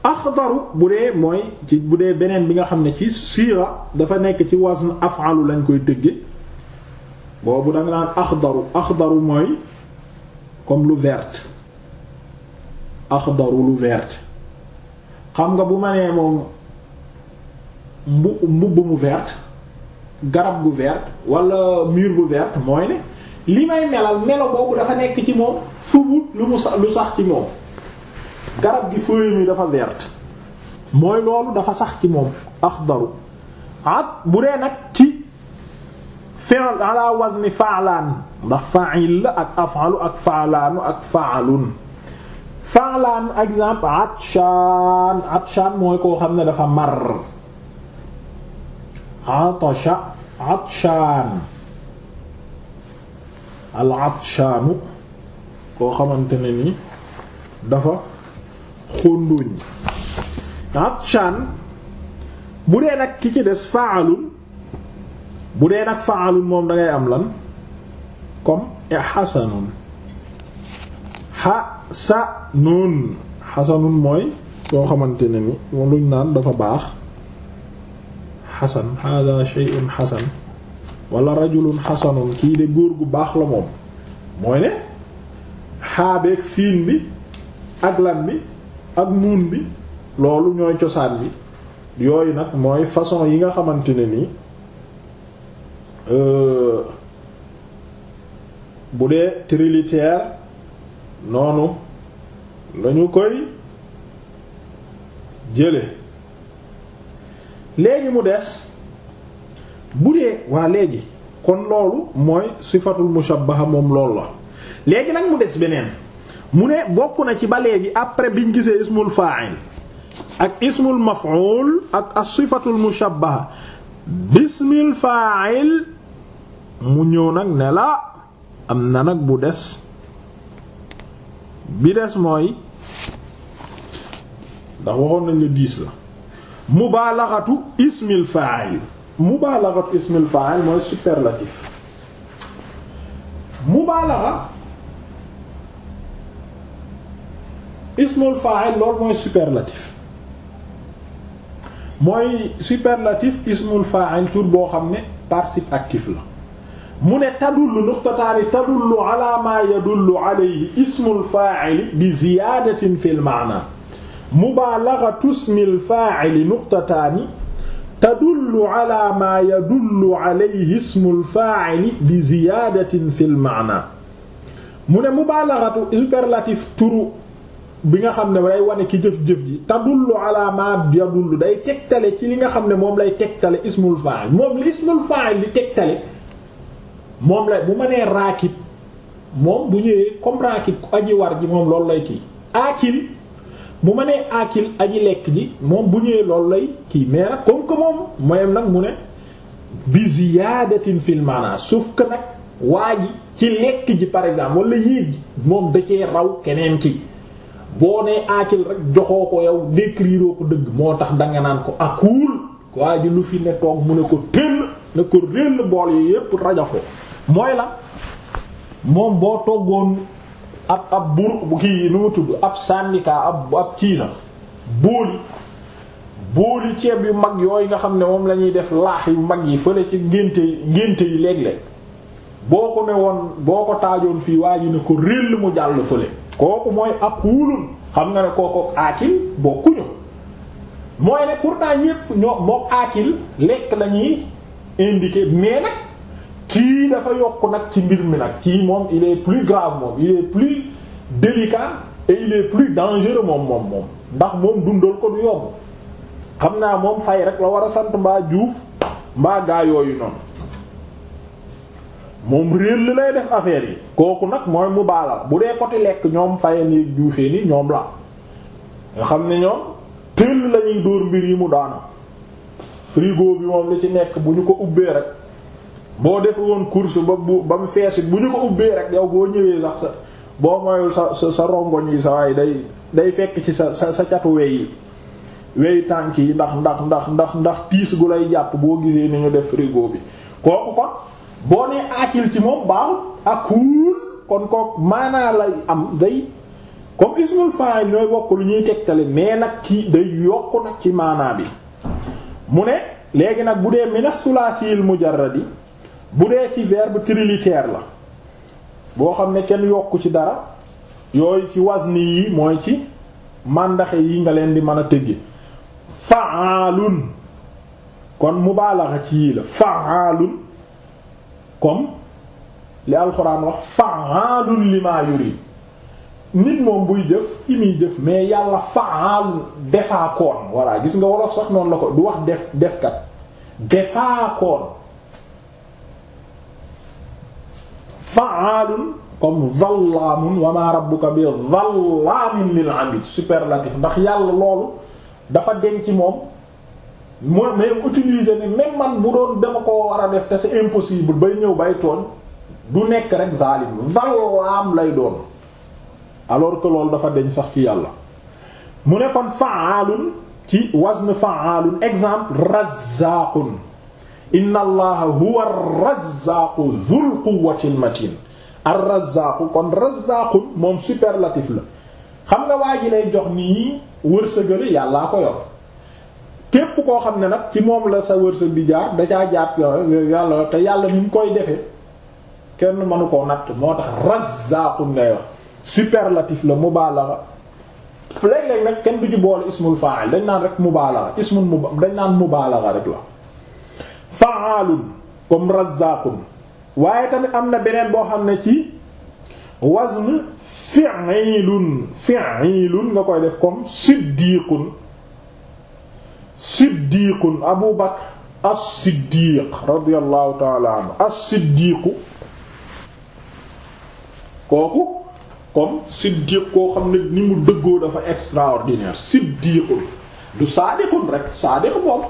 axdaru bu dee mooy ci bu dee beneen bi nga xam ne ci siira dafa nekk ci wazn af'alu lañ koy tëgge boobu danga naan axdaru axdaru mooy comme lu vert axdaru lu vert xam nga bu ma nee moom mbu mu vert garab gu vert walla miir gu vert mooy ne li may melal melo boobu dafa nekk ci moom subut lu mu sax lu sax ci moom garab gi feuille mi dafa verte mooy loolu dafa sax ci moom axdaru at bu ci fi'l ala wazni fa'lan ndax fa'il la ak af'alu ak fa'lanu ak fa'alun fa'lan exemple atshan atshan mooy koo xam ne dafa mar atasha atshan al atshanu koo xamante ne ni dafa xóndóoñ Atshan bu dee nag ki ci des faalun bu dee nag faalun moom dangay am lan comme e xasanun xasanun xasanun mooy soo xamante ne ni luñ naan dafa baax xasan hada shay'un xasan walla rajulun xasanun kii de góor gu baax la moom mooy ne xaabeeg siin bi ak lan bi ak nuun bi loolu ñooy cosaan bi yooyu nag mooy façon yi nga xamante ne nii euh, bu dee trilitère noonu lañu koy jële léegi mu des bu dee waa léegi kon loolu mooy sifatul mushabbaha moom loolu la léegi nag mu des beneen mu ne bokk na ci ba léegi après biñ gisee ismul fa'il ak ismul maf'ul ak as-sifatul bismil fa'il mu ñëw nag ne la am na nag bu des bi des mooy ndax waxoon nañ la diis la mubaalaxatu ismil fa'il mubaalaxatu ismil fa'il mooy superlatif mubaalaxa ismul fa'il loolu mooy superlatif mooy superlatif ismul fa'il tur boo xam ne participe actif la mu ne tadullu nuqtataani tadullu ala ma yadullu alayhi ismul fa'il bi ziyaadatin fil ma'na mubaalaghatu ismil fa'il nuqtataani tadullu ala ma yadullu alayhi ismul fa'il bi ziyaadatin fil ma'na mu ne mubaalaghatu superlatif turu bi nga xam ne day wane ki jëf-jëf ji tadullu ala ma yadullu day tegtale ci li nga xam ne moom lay tegtale ismul fa'il moom li ismul fa'il li tegtale moom lay bu ma nee raakib moom bu ñëwee comme raakib ku aji war ji moom loolu lay kii aakil bu ma nee aakil lekk ji moom bu ñëwee loolu lay kii mais nag comme que moom moyem nag mu ne bi ziyaadatin fil maana sauf que nag waa ji ci lekk ji par exemple walla yéeg moom da cee raw keneen ki boo nee aacil rek joxoo ko yow décrire ko dëgg moo tax danga naan ko akuul waa ji lu fi ne toog mu ne ko tëll ne ko réll bool yi yépp rajaxoo mooy la moom boo toggoon ab ab bur kii nu mu tudd ab syndicat ab ab kii sax booli booli ceeb yu mag yooyu nga xam ne moom la def laax yu mag yi fële ci ngénte yi ngénte yi léeg-léeg boo ko ne woon boo ko taajoon fii waa ji ne ko réll mu jàll fële kooku mooy aqulun xam nga ne kooku aakil bokkuñu mooy ne pourtant ñépp ñoo moom akil lekk la ñuy indiqué mais nag kii dafa yokk nag ci mbir mi nag kii moom il plus grave moom il est plus délicat et il est plus dangereux moom moom moom ndax moom dundal ko du yomb xam naa moom fay rek la war a sant mbaa juuf mbaa gaa yooyu noonu moom réer li lay def affaire yi kooku nag mooy mu baala bu dee côté lekk ñoom fayen yi juufee ni ñoom la nga xam ne ñoom tëll lañuy dóor mbir yi mu daana frigo bi moom li ci nekk bu ñu ko ubbee rek boo def woon course ba bu ba mu fees bu ñu ko ubbee rek yow boo ñëwee sax sa boo moyul sa sa rongoñ yi sa waaye day day fekk ci sa sa sa catu wey yi wey tànk yi ndax ndax ndax ndax ndax tiis gu lay jàpp boo gisee ni ñu def frigo bi kooku kon boo nee akil ci moom baaxut akul kon ko maanaa lay am day comme ismul fa'il ñooy wokk lu ñuy tegtale mais nag ki day yokk nag ci maanaa bi mu ne léegi nag bu dee mina sulaasiil mujarradi bu dee ci verbe trilitère la boo xam ne kenn yokku ci dara yooyu ci wazni yi mooy ci màndaxe yi nga leen di mën a tëgge fa'alun kon mubaalaxa ci yii la fa'alun comme li alxuraan wax fa'aalun limaa yurid nit moom buy jëf ki muy jëf mais yàlla fa'aalun defaakoon voilà gis nga wolof sax noonu la ko du wax def defkat defaakoon fa'aalun comme zallaamun wa maa rabbuka bi zallaamin lil abid superlatif ndax yàlla loolu dafa denc moom mooy même utiliser ne même man bu doon dama koo war a def te c'est impossible bay ñëw bay tooñ du nekk rek zalim zalam lay doon alors que loolu dafa deñ sax ci yàlla mu ne kon fa'alun ci wazn fa'alun exemple razzaaqun inna allaha huwa ar-razzaaqu dhul quwwati al-matin ar-razzaaqu kon razzaaqun moom superlatif la xam nga waa ji lay jox nii sa wërsëgale yàllaa ko yor képp koo xam ne nag ci moom la sa wërsëg di jaar da caa jàpp yàlla te yàlla ni koy defee kenn mënu koo natt moo tax razzaaqun ngay wax superlatif la mubaalaxa léeg-léeg kenn du ci boole ismul fa'il dañ naan rek mubaalaxa ismul mu dañ naan mubaalaxa rek la fa'aalun comme razzaaqun waaye tamit am na beneen boo xam ne ci wazn fi'ilun fi'ilun nga koy def comme siddiqun siddiqun abu bakr as-siddiq radiyallahu ta'ala anhu as-siddiqu kooku comme siddiq koo xam ne ni mu dëggoo dafa extraordinaire siddiqun du saadiqun rek saadiq moom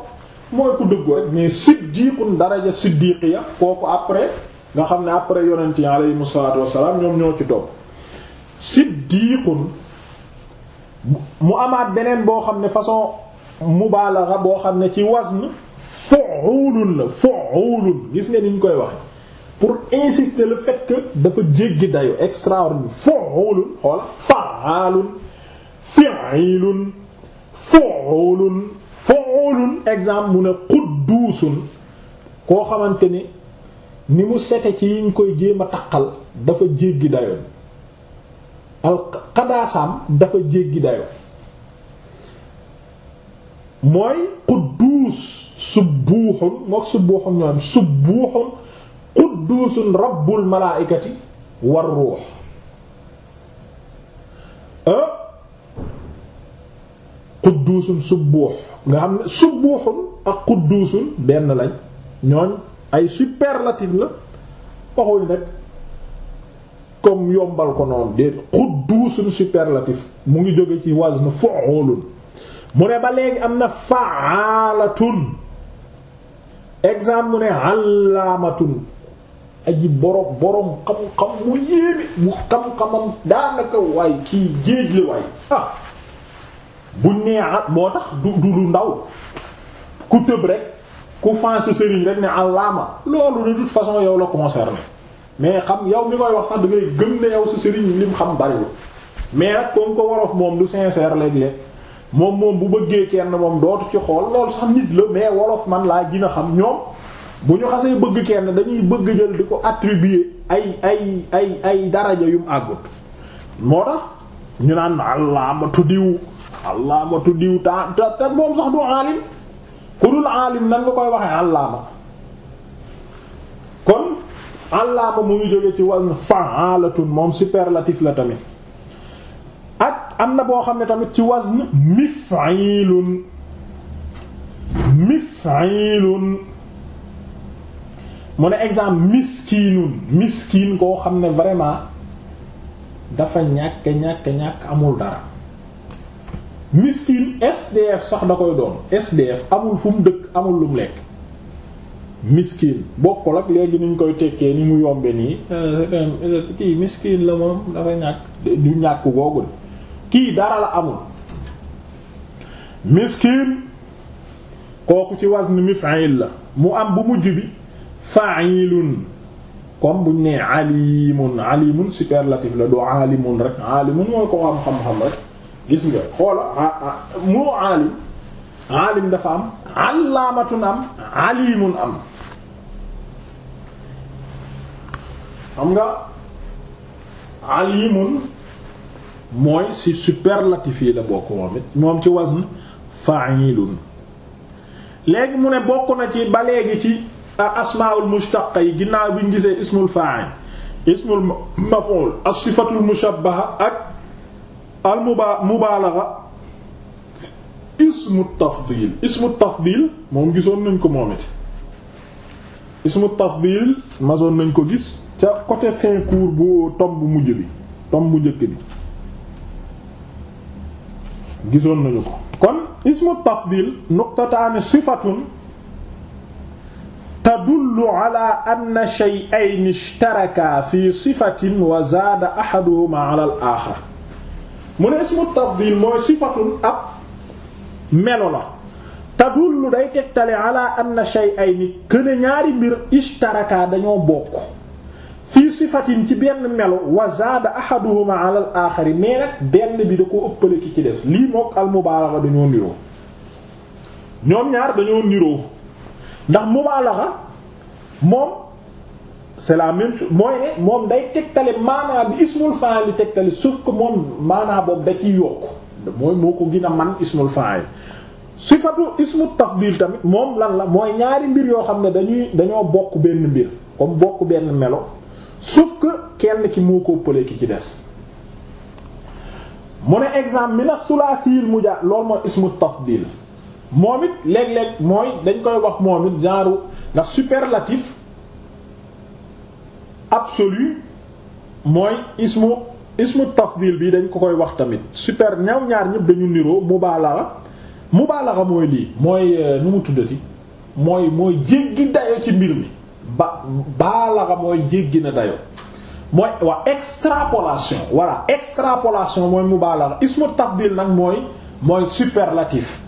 mooy ku dëggoo rek mais siddiqun daraja siddiqiya kooku après nga xam ne après yonent yi aleyhim salaatu wassalaam ñoom ñoo ci topp siddiqun mu amaat beneen boo xam ne façon mubaalaxa boo xam ne ci wazn fu'ulun la fu'ulun gis nga niñ koy waxe pour insister le fait que dafa jéggi dayo extraordinaire fu'ulun xoola fa'alun fi'ilun fu'ulun fu'ulun exemple mu ne qudduusun koo xamante ni ni mu sete ci yiñ koy jéem a taqal dafa jéggi dayo al qadaasaam dafa jéggi dayo mooy qudduus subbuuxun mook subbuuxun ñoo am subbuuxun qudduusun rabbul ah, nga xam ne subbuuxun ak qudduusun benn lañ ñooñ ay superlatif la waxuñ rek comme yombal ko noonu déet qudduusun superlatif mu ngi jóge ci wazn fu'ulun mu ne ba léegi am na fa'alatun exemple mu ne allaamatun aji borom borom xam-xam mu yéeme mu xam-xamam daanaka waay kii géej la waay ah bu neexat moo tax du du lu ndaw ku tëb rek ku fanse sëriñ rek ne allaama loolu de toute façon yow la concerné mais xam yow mi koy wax sax da ngay gëm ne yow sa sëriñ lim xam bariwul mais nag comme ko warof moom lu sincère léeg-léeg moom moom bu bëggee kenn moom dootu ci xool loolu sax nit la mais wolof man laa gën a xam ñoom bu ñu xasee bëgg kenn dañuy bëgg jël di ko attribuer ay ay ay ay daraja yum àggut moo tax ñu naan allaamatu diw allaamatu diw ta ta ta moom sax du aalim ku dul aalim nan nga koy waxee allaama kon allaama mu ngi jóge ci wazn fa'alatun moom superlatif la tamit ak am na boo xam ne tamit ci wazn mif'ilun mif'ilun mu ne exemple miskinun miskin koo xam ne vraiment dafa ñàkk ñàkk ñàkk amul dara miskin SDF sax da koy doon SDF amul fu mu dëkk amul lu mu lekk miskin bokkul ak léegi ni ñu koy tekkee ni mu yombe nii euh, euh, euh, kii miskin la moom dafa ñàkk du ñàkk googu de kii dara la amul miskin kooku ci wazn mif'il la mu am bu mujj bi fa'ilun comme buñ nee alimun alimun superlatif la du alimun rek alimun mooy ko am xam-xam rek gis nga xoola moo alim alim dafa am allaamatun am alimun am xam nga alimun mooy si superlatif yi la bokk moom it moom ci wazn fa'ilun léegi mu ne bokk na ci ba léegi ci asmaul mushtaqa yi ginnaaw bi ñu gisee ismul fa'il ismul maf'ul as-sifatul ak al mubalagha ismu tafdil ismu tafdil moom gisoon nañ ko moom it ismu tafdil masoon nañ ko gis ca côté fin cours bu tomb mu bi tomb bu njëkk bi gisoon nañu ko kon ismu tafdil nuqtataani sifatun tadullu ala anna shay'ayn ishtaraka fi sifatin wa zaada ahaduhuma ala al-axar mu ne ismu tafdil mooy sifatun ab melo la day tegtale ala anna këne ñaari mbir ishtaraka dañoo bokk fii sifatin ci benn melo wa ahaduhuma ala al axari mais benn bi da ko ëppale ki ci des lii mook al mubaalaxa dañoo niroo ñoom ñaar dañoo niroo ndax mubaalaxa moom c'est la même chose mooy ne moom day tegtale maanaa bi ismul fa'il di a man ismul fa'il sifatu ismu tafdil tamit moom lan la mooy ñaari mbir yoo xam ne dañuy dañoo bokk benn mbir comme bokk benn melo sauf kenn ki moo ko pële ki ci des mu ne exemple mi na sulaasil mujja loolu mooy ismu tafdil moom it léeg-léeg mooy dañ koy wax moom it genre ndax superlatif absolu mooy ismu ismu tafdil bi dañ ko koy wax tamit super ñaw ñaar ñëpp dañu niroo mubaalaxa mubaalaxa mooy lii mooy euh, nu mu tuddati mooy mooy jéggi dayo ci mbir mi ba baalaxa mooy jéggi na dayoo mooy waa extrapolation voilà extrapolation mooy mu baalaxa ismu tafdil nag mooy mooy superlatif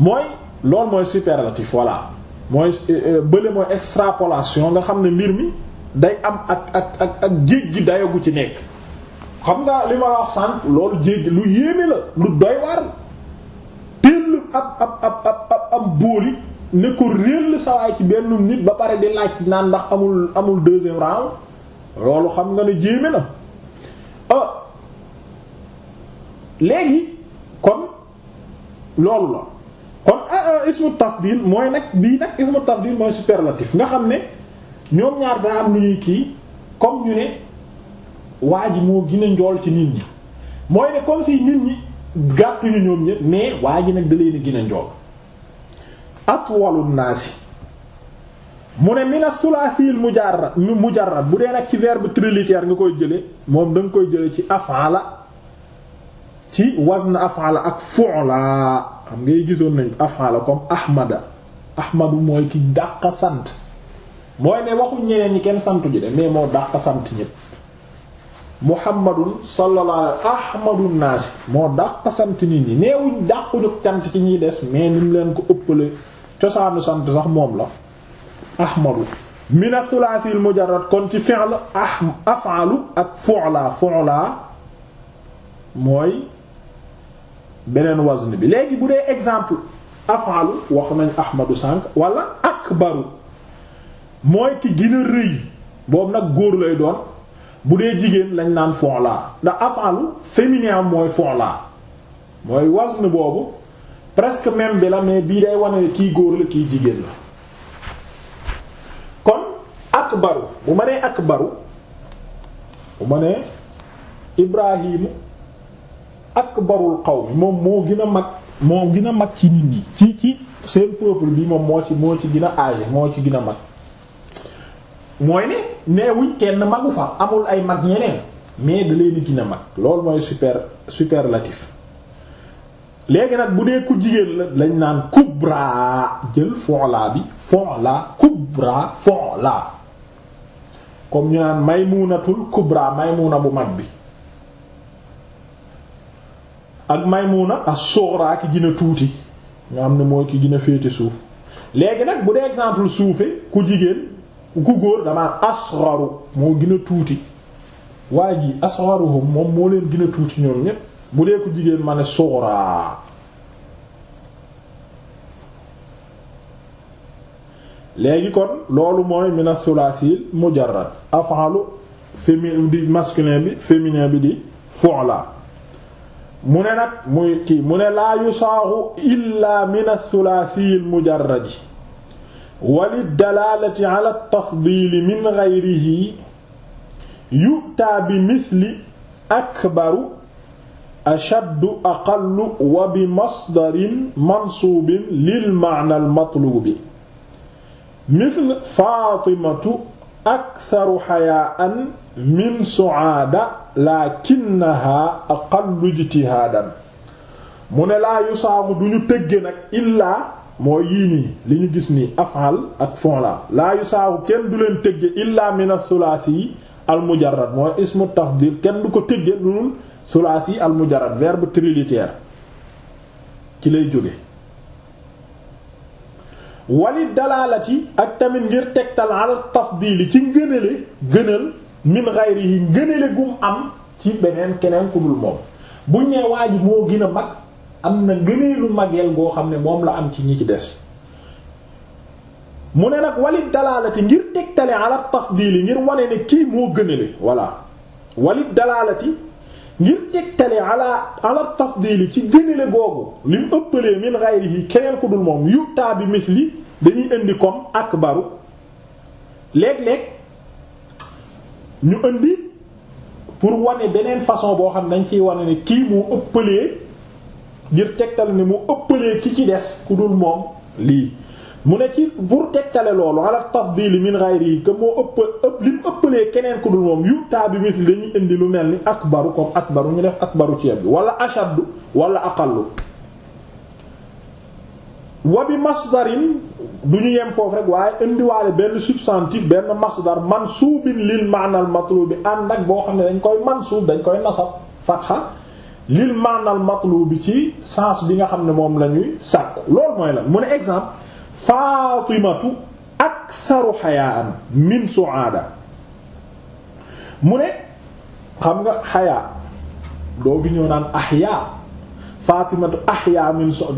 mooy loolu mooy superlatif voilà mooy euh, euh, bële mooy extrapolation nga xam ne mbir mi day am ak ak ak ak jéggi dayo gu ci nekk xam nga li ma la wax sànq loolu jéggi lu yéeme la lu doy waar teel ab ab ab ab ab am booli ne ko réel sawaay ci benn nit ba pare di laaj naan ndax amul amul deuxième round loolu xam nga ne jéeme na ah, léegi kon loolu la kon ah, ah, ismu tafdil mooy nag bii nag ismu tafdil mooy superlatif nga xam ne ñoom ñaar daa am lu ñuy kii comme ñu ne waa ji moo gën a njool ci nit ñi mooy ne comme si nit ñi gàttuñu ñoom ñëpp mais waa ji nag da leen a njool atwalu naasi mu ne mina sulaasil mujarrad mujarrad bu dee nag ci verbe trilitère nga koy jële moom da nga koy jële ci af'ala ci wazn af'ala ak fu'la xam ngay gisoon nañ af'ala comme ahmada ahmadu mooy ki dàq sant mooy ne waxuñ ñeneen ñi kenn santu ji de mais moo dàq sant ñépp muhammadun sallallahu ahmadun naasi moo dàq sant nit ñi neewuñ dàquñu cant ci ñuy des mais ni mu leen ko ëpple cosaanu sant sax moom la ahmadu mina thulathil mujarrad kon ci fi'l ah af'alu ak fu'la fu'la mooy beneen wazn bi léegi bu dee exemple af'alu wax nañ ahmadu sànq wala akbaru mooy ki gën a rëy boobu nag góor lay doon bu dee jigéen lañ naan fu'la ndax af'alu féminin mooy fu'la mooy wazn boobu presque même bi la mais bii day wane kii góor la kii jigéen la kon akbaru bu ma nee akbaru bu ma nee ibrahimu akbarul qawmi moom moo gën a mag moo gën a mag ci nit ñi ci ci seen peuple bi moom moo ci moo ci gën a âgé moo ci gën a mag mooy ne neewuñ kenn magu fa amul ay mag ñeneen mais da leen di gën a mag loolu mooy super superlatif léegi nag bu dee ku jigéen la lañ naan kubra jël foolaa bi foolaa kubra foolaa comme ñu naan maymunatul kubra maymuna bu mag bi ak maymuna as-sughra ki gën a tuuti nga xam ne mooy ki gin a féete suuf léegi nag bu dee exemple suufe ku jigéen ku góor damaa asgharu moo gën a tuuti waa ji asgharuhum moom moo leen gën a tuuti ñoom ñépp bu dee ko jigéen ma ne suxraa léegi kon loolu mooy mina sulaasil mujarrad af'alu féminin di bi féminin bi di fu'la mu ne nag muy kii mu ne laa yusaaxu illa mina sulaasil mujarrad wali dalaalati ala tafdiili min ghayrihi yu'taa bi misli akbaru ashaddu aqallu wa bi masdarin mansuubin lil maana al matluubi mithl faatimatu aktharu xayaa'an min su'aada lakinnahaa aqallu ijtihaadan mu ne laa yusaamu du ñu tëgge nag illaa moo yii li ñu gis ni afal ak fonla laa yusaamu kenn du leen tëgge illaa min ath-thulaathi al mujarrad mooy ismu tafdil kenn du ko tëgge lu dul sulaasi al mujarrad verbe trilitère ci lay jóge walit dalaalati ak tamit ngir tegtal al tafdili ci ngënale gënal min yi ngënale gum am ci beneen keneen ku dul moom buñ nee waa ji moo gën mag am na ngëneelu mageel goo xam ne moom la am ci ñi ci des mu ne nag walit dalaalati ngir tegtale ala tafdili ngir wane ne kii moo gënale voilà walit dalaalati ngir tegtale ala ala tafdili ci gënale googu li mu ëppalee min ghayrihi keneen ku dul moom yutaa bi misli dañuy indi comme akbaru léeg-léeg ñu indi pour wane beneen façon boo xam dañ ciy wane ne kii mu ëppalee ngir tegtal ne mu ëppalee ki ci des ku dul moom lii mu ne ci pour tegtale loolu ala tafdili min ghayri que moo ëpp ëpp lim ëppalee keneen ku dul moom yutaa bi misli dañuy indi lu mel ni akbaru comme akbaru ñu def akbaru ceeb bi wala ashaddu wala aqallu wa bi masdarin du ñu yem foofu rek waaye indiwaale benn substantif benn masdar mansuubin lil maanal matlubi ànd ak boo xam ne dañ koy mansuub dañ koy nasab fatha lil maanal matlubi ci sens bi nga xam ne moom lañuy ñuy sàkku loolu mooy lan mu ne exemple faatimatu aktharu xayaan min su'ada mu ne xam nga xayaa doo fi ñëw naan ahyaa faatimatu ahyaa min so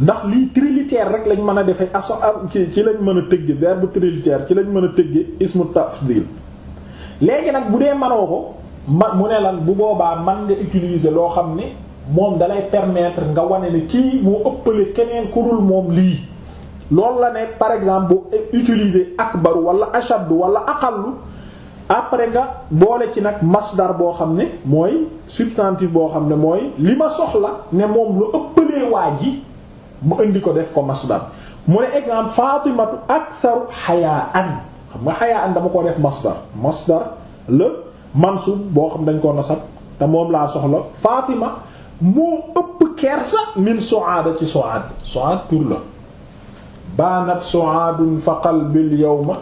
ndax lii trilitère rek lañ mën a defee aso ah, ci lañ mën a tëgge verbe trilitère ci lañ mën a tëgge ismu tafdil léegi nag bu dee manoo ko ma mu ne lan bu boobaa man nga utiliser loo xam ne moom dalay permettre nga wane ne kii moo ëppale keneen ku dul moom lii loolu la ne par exemple boo utiliser akbaru wala ashaddu wala aqallu après nga boole ci nag masdar boo xam ne mooy substantif boo xam ne mooy li ma soxla ne moom lu ëppalee waa ji mu indi ko def ko masdar mu ne exemple fatimatu aktharu hayaan xam nga hayaan dama ko def masdar masdar la mansub boo xam dañ ko nasab te moom laa soxla fatima moo ëpp kersa min soada ci soad soad tur la baanat soadun fa qalbil yawma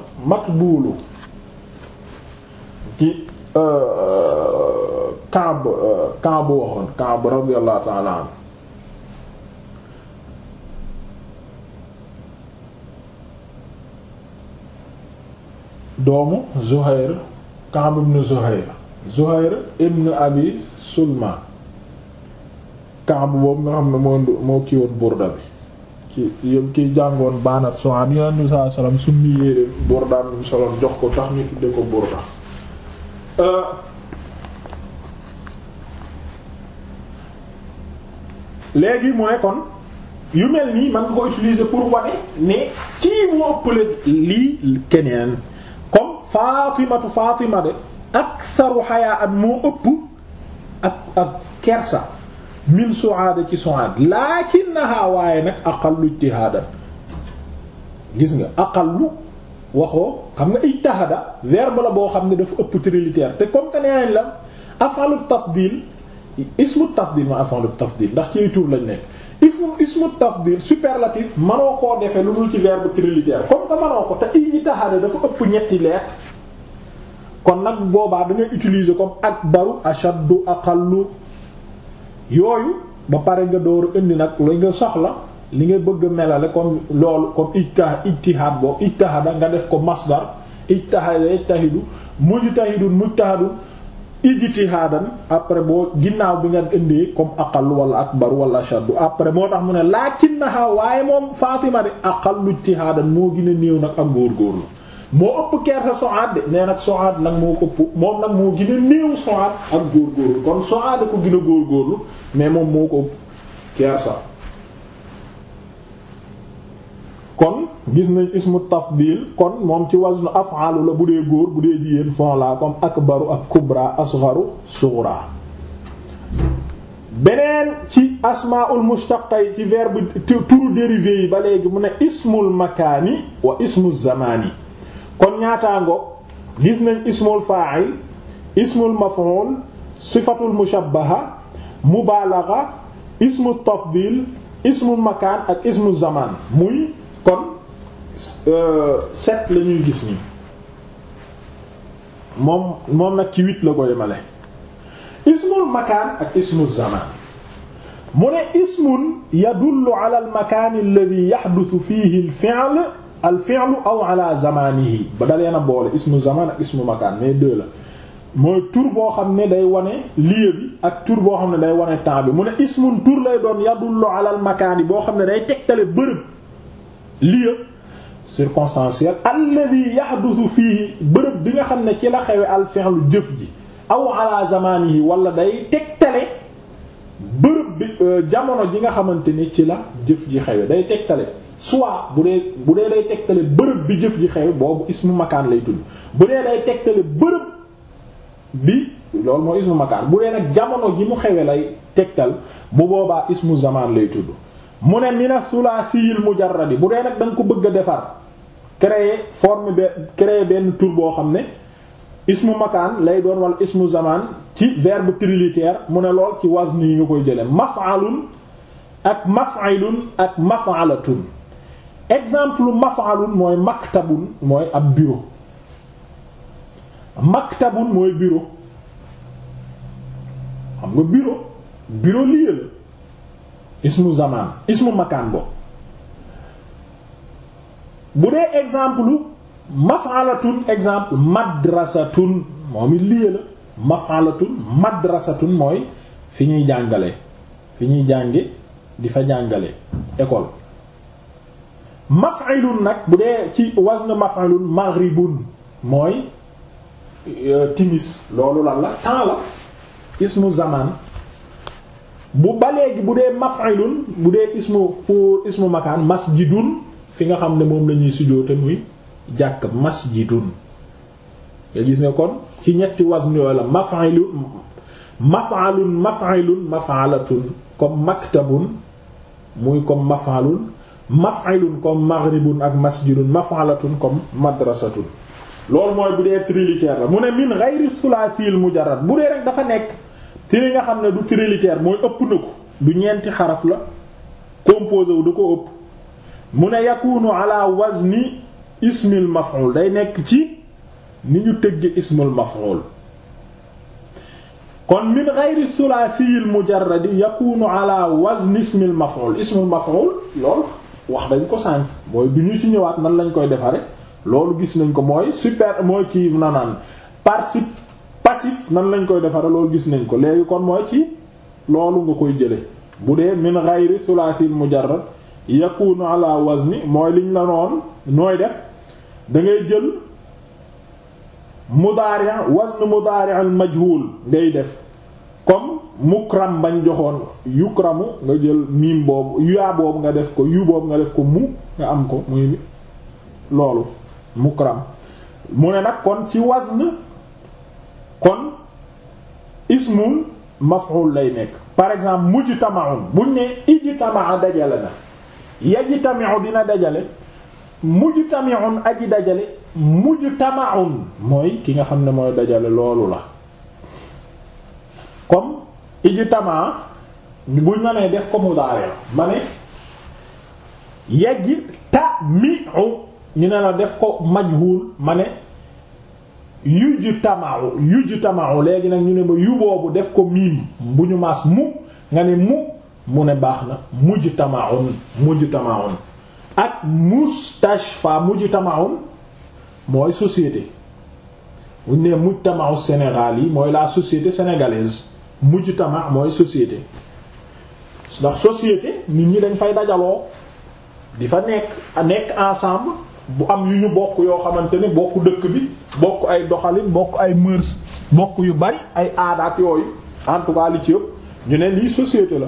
Kaab euh, euh, Kaab waxoon Kaab radiyallahu ta'ala anhu doomu Zuhair Kaab ibn Zuhair Zuhair ibn Abi Sulma Kaab boobu nga xam ne moo moo kii woon burda bi ki yëpp ki jàngoon baanat soxaan yonent bi sallallahu alayhi wasallam summi yére burda bi soloon jox ko tax ñu tudde ko burda euh, léegi mu ne kon yu mel nii man ko utiliser pour wane ne kii moo ëppale lii keneen comme Faatimatu Faatima de aksaru xayaa at moo ëpp ak ak kersa min su'aada ci su'aad lakinnaha waaye nag aqallu ijtihaadan gis nga aqallu waxoo xam nga ijtihada verbe la boo xam ne dafa ëpp trilitère te comme que nee la af'alu tafdil ismu tafdil ma af'alu tafdil ndax ci tur lañ nekk ismu ismu tafdil superlatif manoo koo defee lu dul ci verbe trilitère comme que manoo ko te ijtihada dafa ëpp ñetti lettre kon nag boobaa da ngay utiliser comme akbaru ashaddu aqallu yooyu ba pare nga door indi nag li nga soxla li nga bëgg a melale comme loolu comme ijtihad ijtihad boobu ijtihada nga def ko masdar ijtihada ijtahidu mujtahidun mujtahadun ijtihadan après boo ginnaaw bi nga indee comme aqallu wala akbar wala ashaddu après moo tax mu ne lakinnaha waaye moom Fatima de aqallu ijtihadan moo gin a néew nag ak góor-góorlu moo ëpp kersa Su'aad de nee nag nag moo ko ëpp moom nag moo gën néew Su'aad ak góorgóorlu kon Su'aad mais moom moo ko kon gis nañ ismu tafdil kon moom ci waznu af'alu la bu dee góor bu dee jigéen fon comme akbaru ak kubra asgharu sughra beneen ci asmaul mushtaqa yi ci verbe turu dérivé yi ba léegi mu ne ismul makaani wa ismu zamaani kon ñaataango gis nañ ismul fa'il ismul maf'ul sifatul mushabbaha mubalagha ismu tafdil ismu makaan ak ismu zaman muy kon euh, sept la ñuy gis nii moom moom nag ci huit la ko yemale ismul makaan ak ismu zaman mu ne ismun yadullu ala al makaan alladhi yahduthu fihi al fi'l al fi'lu aw ala zamanihi ba dalee na boole ismu zaman ak ismu makaan mais deux la mooy tur boo xam ne day wane lieu bi ak tur boo xam ne day wane temps bi mu ne ismun tur lay doon yadul ala alal makaani boo xam ne day tegtale bërëb lieu circonstanciel alladhi yahduthu fiihi bërëb bi nga xam ne ci la xewe al jëf ji aw ala zamanihi wala day tegtale bërëb bi euh, jamono ji nga xamante ni ci la jëf ji xewe day tegtale soit bu dee bu dee day tegtale bërëb bi jëf ji xew boobu ismu makaan lay tudd bu dee day tegtale bërëb bi loolu mooy ismu makaan bu dee nag jamono ji mu xewe lay tegtal bu boobaa ismu zamaan lay tudd mu ne mina sulaasiyil mujarradi bu dee nag da nga ko bëgg a defar créer forme be créer benn tur boo xam ne ismu makaan lay doon wala ismu zamaan ci verbe trilitère mu ne lool ci wazni yi nga koy jële maf'alun ak maf'ilun ak maf'alatun exemple maf'alun mooy maktabun mooy ab bureau maktabun mooy bureau xam nga bureau bureau lieu la ismu zaman ismu makaan bo bu dee exemple maf'alatun exemple madrasatun moom it lieu la maf'alatun madrasatun mooy fi ñuy jàngale fi ñuy jànge di fa jàngale école maf'ilun nag bu dee ci wazn maf'ilun maghribun mooy euh, timis loolu lan la temps la ismu zaman bu ba léegi bu dee maf'ilun bu dee ismu pour ismu makaan masjidun fi nga xam ne moom lañuy ñuy sujoote muy jàkk masjidun nga gis nga kon ci ñetti wazn yooyu la maf'ilun maf'alun maf'ilun comme maktabun muy comme maf'alun maf'ilun comme maghribun ak masjidun maf'alatun comme madrasatun loolu mooy bu dee trilitère la mu ne min ghayri thulathil mujarrad bu dee rek dafa nekk ci li nga xam ne du trilitère mooy ëpp na ko du ñeenti xaraf la composé wu da ko ëpp mu ne yakunu ala wazni ismil maf'ul day nekk ci ni ñu tëgg ismul maf'ul kon min ghayri thulathil mujarrad yakunu ala wazni ismil maf'ul ismul maf'ul lool wax dañ ko sànq mooy du ñu ci ñëwaat nan lañ koy defare loolu gis nañ ko mooy super mooy ci nanaan naan participe passif nan lañ koy defare loolu gis nañ ko léegi kon mooy ci loolu nga koy jële bu dee min ghayri sulaasil mujarrad yakunu ala wazni mooy liñ la noon nooy def da ngay jël mudaari' wazn mudaari' al majhul ngay def comme mukram bañ joxoon yukramu nga jël miim boobu yaa nga def ko yu boobu nga def ko mu nga am ko muy loolu mukram mu ne nag kon ci wazn kon ismul maf'ul lay nekk par exemple mujj mujtama'un buñ ne ijtama'a dajale na yajtami'u dina dajale mujtami'un aji dajale mujj mujtama'un mooy ki nga xam ne mooy dajale loolu la comme ijtama buñ ma nee def ko mudaare ma ne yajji ta mi u ñu ne la def ko majhul ma ne yujtama'u yujtama'u léegi nag ñu ne ma yu boobu def ko miim bu ñu maas mu nga ne mu mu ne baax na mujtama'un mujtama'un ak mustashfa mujtama'un mooy société bu ñu nee mujtama'u Sénégal yi mooy la société sénégalaise mujtama mooy société ndax société nit ñi dañ fay dajaloo di fa nekk nekk ensemble bu am yu ñu bokk yoo xamante ne bokk dëkk bi bokk ay doxalin bokk ay mœurs bokk yu bari ay aadaat yooyu en tout ci yëpp ñu ne lii société la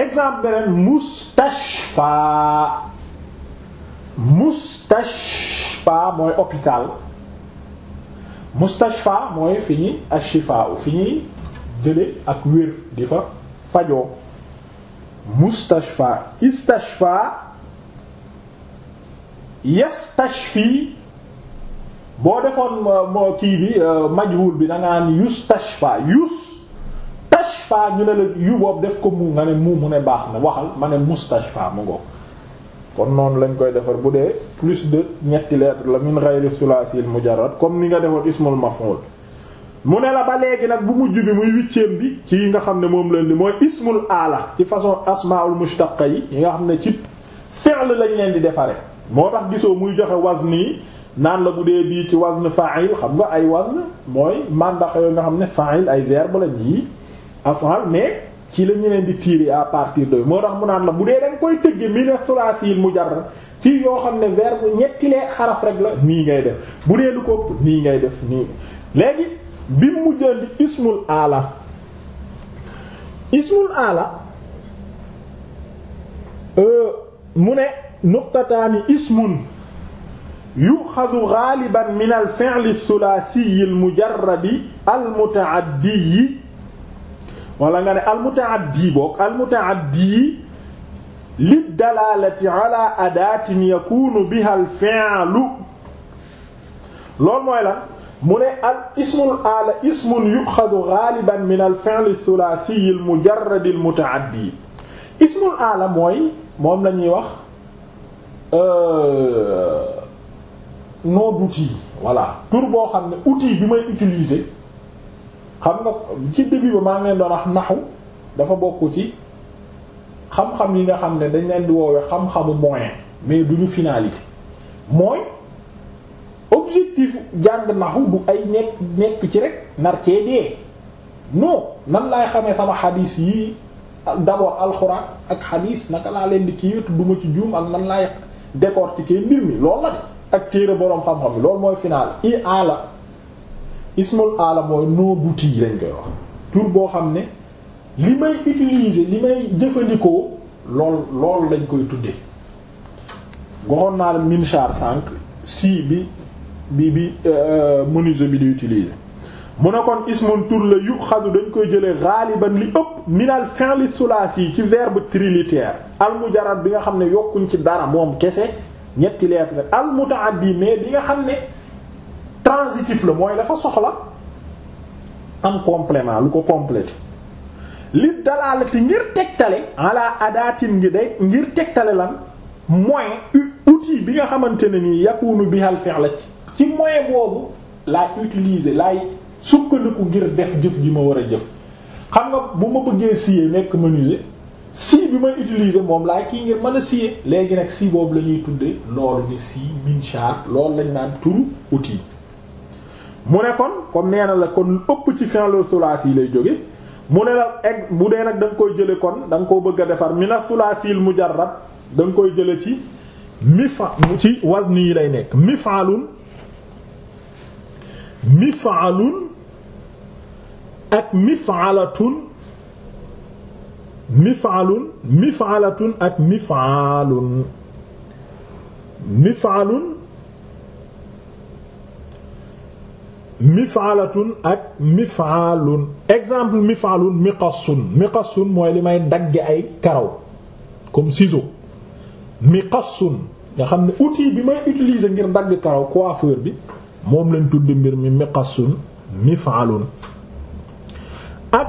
exemple beneen mustashfa mustashfa mooy hôpital mustashfa mooy fi ñuy ashifa fi ñi jële ak wér di fa fajoo mustashfa istashfa yastashfi boo defoon euh, moo kii bi euh, majhul bi da nga naan yustashfa yustashfa ñu ne la yu boobu def ko mu nga ne mu mu ne baax na waxal ma ne mustashfa mu ngoo kon noonu lañ koy defar bu dee plus de ñetti lettres la min ghayri thulathil mujarrad comme ni nga defoon ismul maf'ul mu ne la ba léegi nag bu mujj bi muy huitième bi ci nga xam ne moom leen di mooy ismul aala ci façon asmaul mushtaqa yi yi nga xam ne ci fi'l lañ leen di defare moo tax gisoo muy joxe wazn yi naan la bu dee bii ci wazn fa'il xam nga ay wazn mooy mandax yooyu nga xam ne fa'il ay verbe lañ yi af'al mais ci la ñu leen di tirer à partir de moo tax mu naan la bu dee da koy tëgge mi ne sulaasiil mujarrad ci yoo xam ne verbe ñetti lee xaraf rek la nii ngay def bu dee ko nii ngay def nii bi mu mujjandi ismul ala ismul ala euh, mu ne nuqtataani ismun yuxadu xaaliban min al fi'li al mujarradi al al mutaaddi al mutaaddi li dalaalati ala adaatin yakunu biha al fi'lu loolu mooy la mu ne al ismul aala ismun yuxadu gaaliban min al fi'l thulaathiy al mujarrad al mutaaddi ismul aala mooy moom lañuy ñuy wax euh, nom d'outil voilà tur boo xam ne outil bi may utiliser xam nga ci début ba maa ngi leen doon wax naxu dafa bokk ci xam-xam yi nga xam ne dañ leen di woowe xam-xamu moyen mais duñu finalité mooy. objectif jàng naxu du ay nekk nekk ci rek nar cee dee non nan laay xamee sama xadiis yi d'abord alxuraan ak xadiis naka laa leen di kii yëpp du ci juum ak nan laay décortiquer mbir mi loolu la ak téere boroom xam-xam bi loolu mooy final i ala ismul ala mooy noobuti yi lañ koy wax tur boo xam ne li may utiliser li may jëfandikoo lool lool lañ koy tuddee waxoon naa la minchar sànq si bi bi bi euh, euh, menuisier bi di utiliser mu ne kon ismun tur la yu xadu dañ koy jëlee xaaliban li ëpp minal fi'li sulaasi yi ci verbe trilitère al mujarrad bi nga xam ne yokkuñ ci dara moom kese ñetti lettre al mutaaddi mais bi nga xam ne transitif la mooy dafa soxla am complément lu ko complété li dalaalati ngir tegtale ala adatin ngi day ngir tegtale lan moyen outil bi nga xamante ne nii yakunu bihal la ci ci moyen boobu laay utiliser laay sukkandiku ngir def jëf ji ma war a jëf xam nga bu ma bëggee scier nekk menuisier scie bi may utiliser moom laay kii ngir mën a scier léegi nag scie boobu la ñuy tudde loolu ni scie minchar loolu lañ naan turu outil mu ne kon comme nee la kon ëpp ci fi'lu sulaasi yi lay jóge mu ne la egg bu dee nag da koy jële kon da nga koo bëgg a defar mina sulaasil mujarrad da danga koy jële ci mifa mu ci wazni yi lay nekk mifaalun mifaalun ak mifaalatun mifaalun mifaalatun ak mifaalun mifaalun mifaalatun ak mifaalun exemple mifaalun miqassun miqassun mooy li may dagge ay karaw comme ciseau miqassun nga xam ne outil bi may utilise ngir dagg karaw coiffeur bi moom lañ tudd mbir mi miqasun mif'alun ak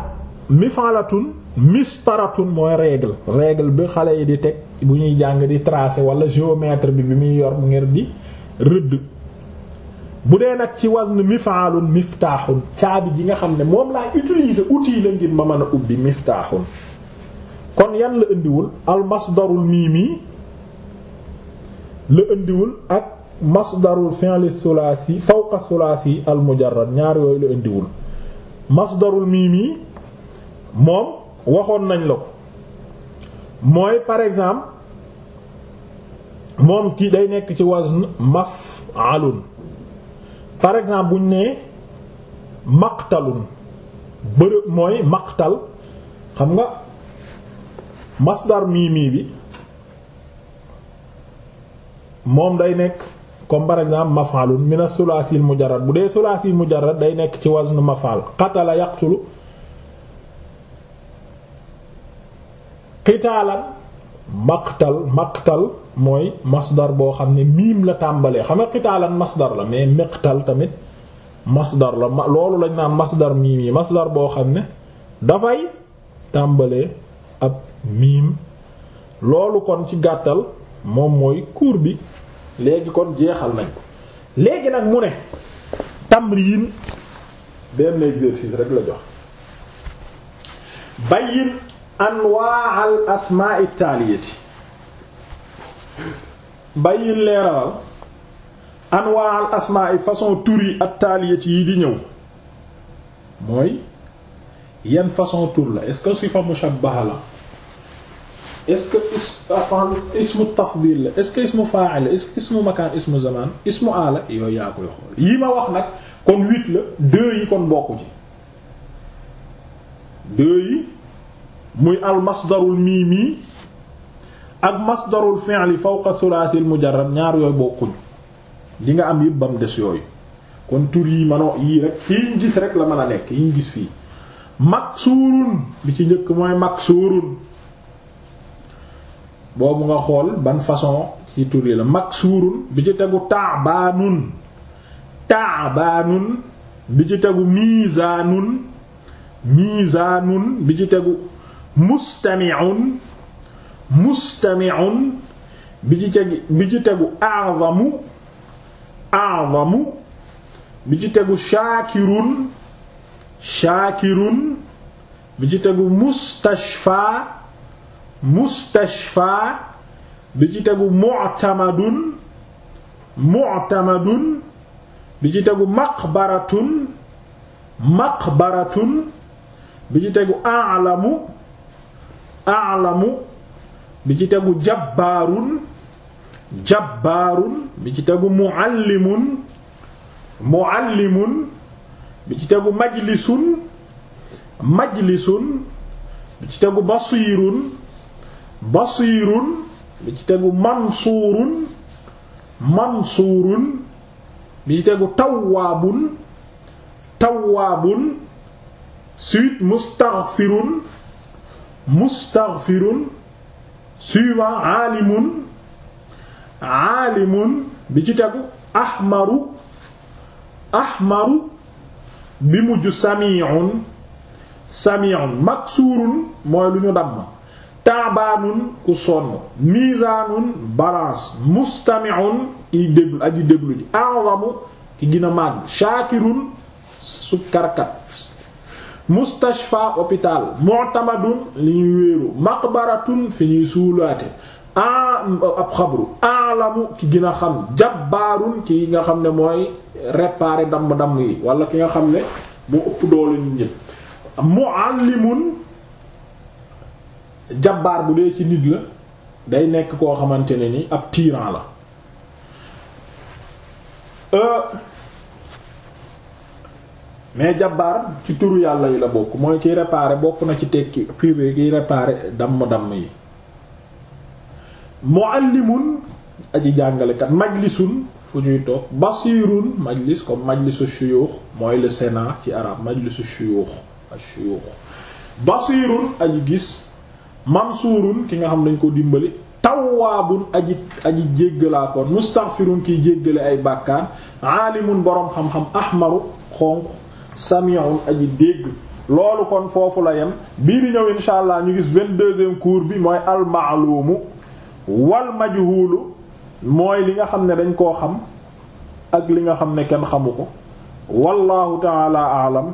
mif'alatun mistaratun mooy règle règle bi xale yi di teg bu ñuy jàng di tracer wala géomètre bi bi muy yor ngir di rëdd bu dee nag ci wazn mif'alun miftaaxun caabi ji nga xam ne moom laay utilise outil la ngir ma mën a ubbi miftaaxun kon yan la indiwul al masdarul miimi la indiwul ak masdarul fi'l thulathi fawqa thulathi al mujarrad ñaar yooyu la indiwul masdarul mimi moom waxoon nañ la ko mooy par exemple moom kii day nekk ci wazn maf'alun par exemple buñ nee maqtalun bërëb mooy maqtal xam nga masdar mimi bi moom day nekk comme par exemple mafaalun min as-sulaasi al-mujarrad bu dee sulaasi mujarrad day nekk ci wazn mafaal qatala yaqtulu qitaalan maqtal maqtal mooy masdar boo xam ne miim la tàmbalee xam nga qitaalan masdar la mais miqtal tamit masdar la loolu lañ naan masdar miim yi masdar boo xam ne dafay tàmbalee ab miim loolu kon ci gàttal moom mooy kuur bi léegi kon jeexal nañ léegi nag mu ne tamrin benn exercice rek la jox bayyin anwaa al asmaa taaliyati bayyin leeralal anwaa al asmaa façon tur yi ak yi di ñëw mooy yan façon tour la est-ce que sifa mushabbaha la est-ce que ismu ismu tafdil la est ismu fa'il la est-ce que ismu makaan ismu zamaan ismu ala yooyu yaa koy xool yi ma wax nag kon huit la deux yi kon bokku ci deux yi muy al masdarul mimi ak masdarul fi'li fawqa thulathil mujarrad ñaar yooyu bokkuñ di nga am yëpp bam des yooyu kon tur yi manoo yii rek yi ñu gis rek la mën a nekk yi ñu gis fii maksurun bi ci njëkk mooy maksurun boobu nga xool ban façon ci tur la maksuurun bi ci tegu taabaanun taabaanun bi ci tegu miizaanun miizaanun bi ci tegu mustami'un mustami'un bi ci tegu bi ci bi ci tegu shaakirun shaakirun bi ci tegu mustashfa mustashfa bi ci tegu mu'tamadun mu'tamadun bi ci tegu maqbaratun maqbaratun bi ci tegu a'lamu a'lamu bi ci tegu jabbaarun jabbaarun bi ci tegu muallimun muallimun bi ci tegu majlisun majlisun bi ci tegu basiirun basiirun bi ci tegu mansuurun mansuurun bi ci tegu tawwaabun tawwaabun suite mustaghfirun mustaghfirun suivant aalimun aalimun bi ci tegu ahmaru ahmaru bi mujj sami'un sami'un maksuurun mooy lu ñu damm taabaanun ku sonn miisaanun balance mustami'un kiy déglu aji déglu ji a'zamu ki gën màgg shaakirun sukkarkat mustashfa hôpital mu'tamadun li ñuy wéeru maqbaratun fi ñuy suulaate ab xabru alamu ki gën a xam jabbaarun ki nga xam ne mooy réparer damm-damm yi walla ki nga xam ne bu ëpp doole ñu ñëpp mu'allimun jabbaar bu dee ci nit la day nekk koo xamante ne ni ab tyran la euh, mais jabbaar ci turu yàlla yi la bokk mooy kiy réparer bokk na ci tekki privé kiy réparer damm-damm yi muallimun aji jàngalekat majlisun fu ñuy toog basirun majlis comme majlisu shuyukh mooy le sénat ci arabe majlisu shuyukh ak aji gis mansuurun ki nga xam dañ ko dimbali tawwaabun aji aji jéggalaakoon mustaghfirun kiy jéggale ay bàkkaar aalimun boroom xam-xam ahmaru xonq sami'un aji dégg loolu kon foofu la yem bii di ñëw insha allah ñu gis vingt-deuxième cours bi mooy almaalumu wal mooy li nga xam ne dañ koo xam ak li nga xam ne kenn xamu ko wallahu taala aalam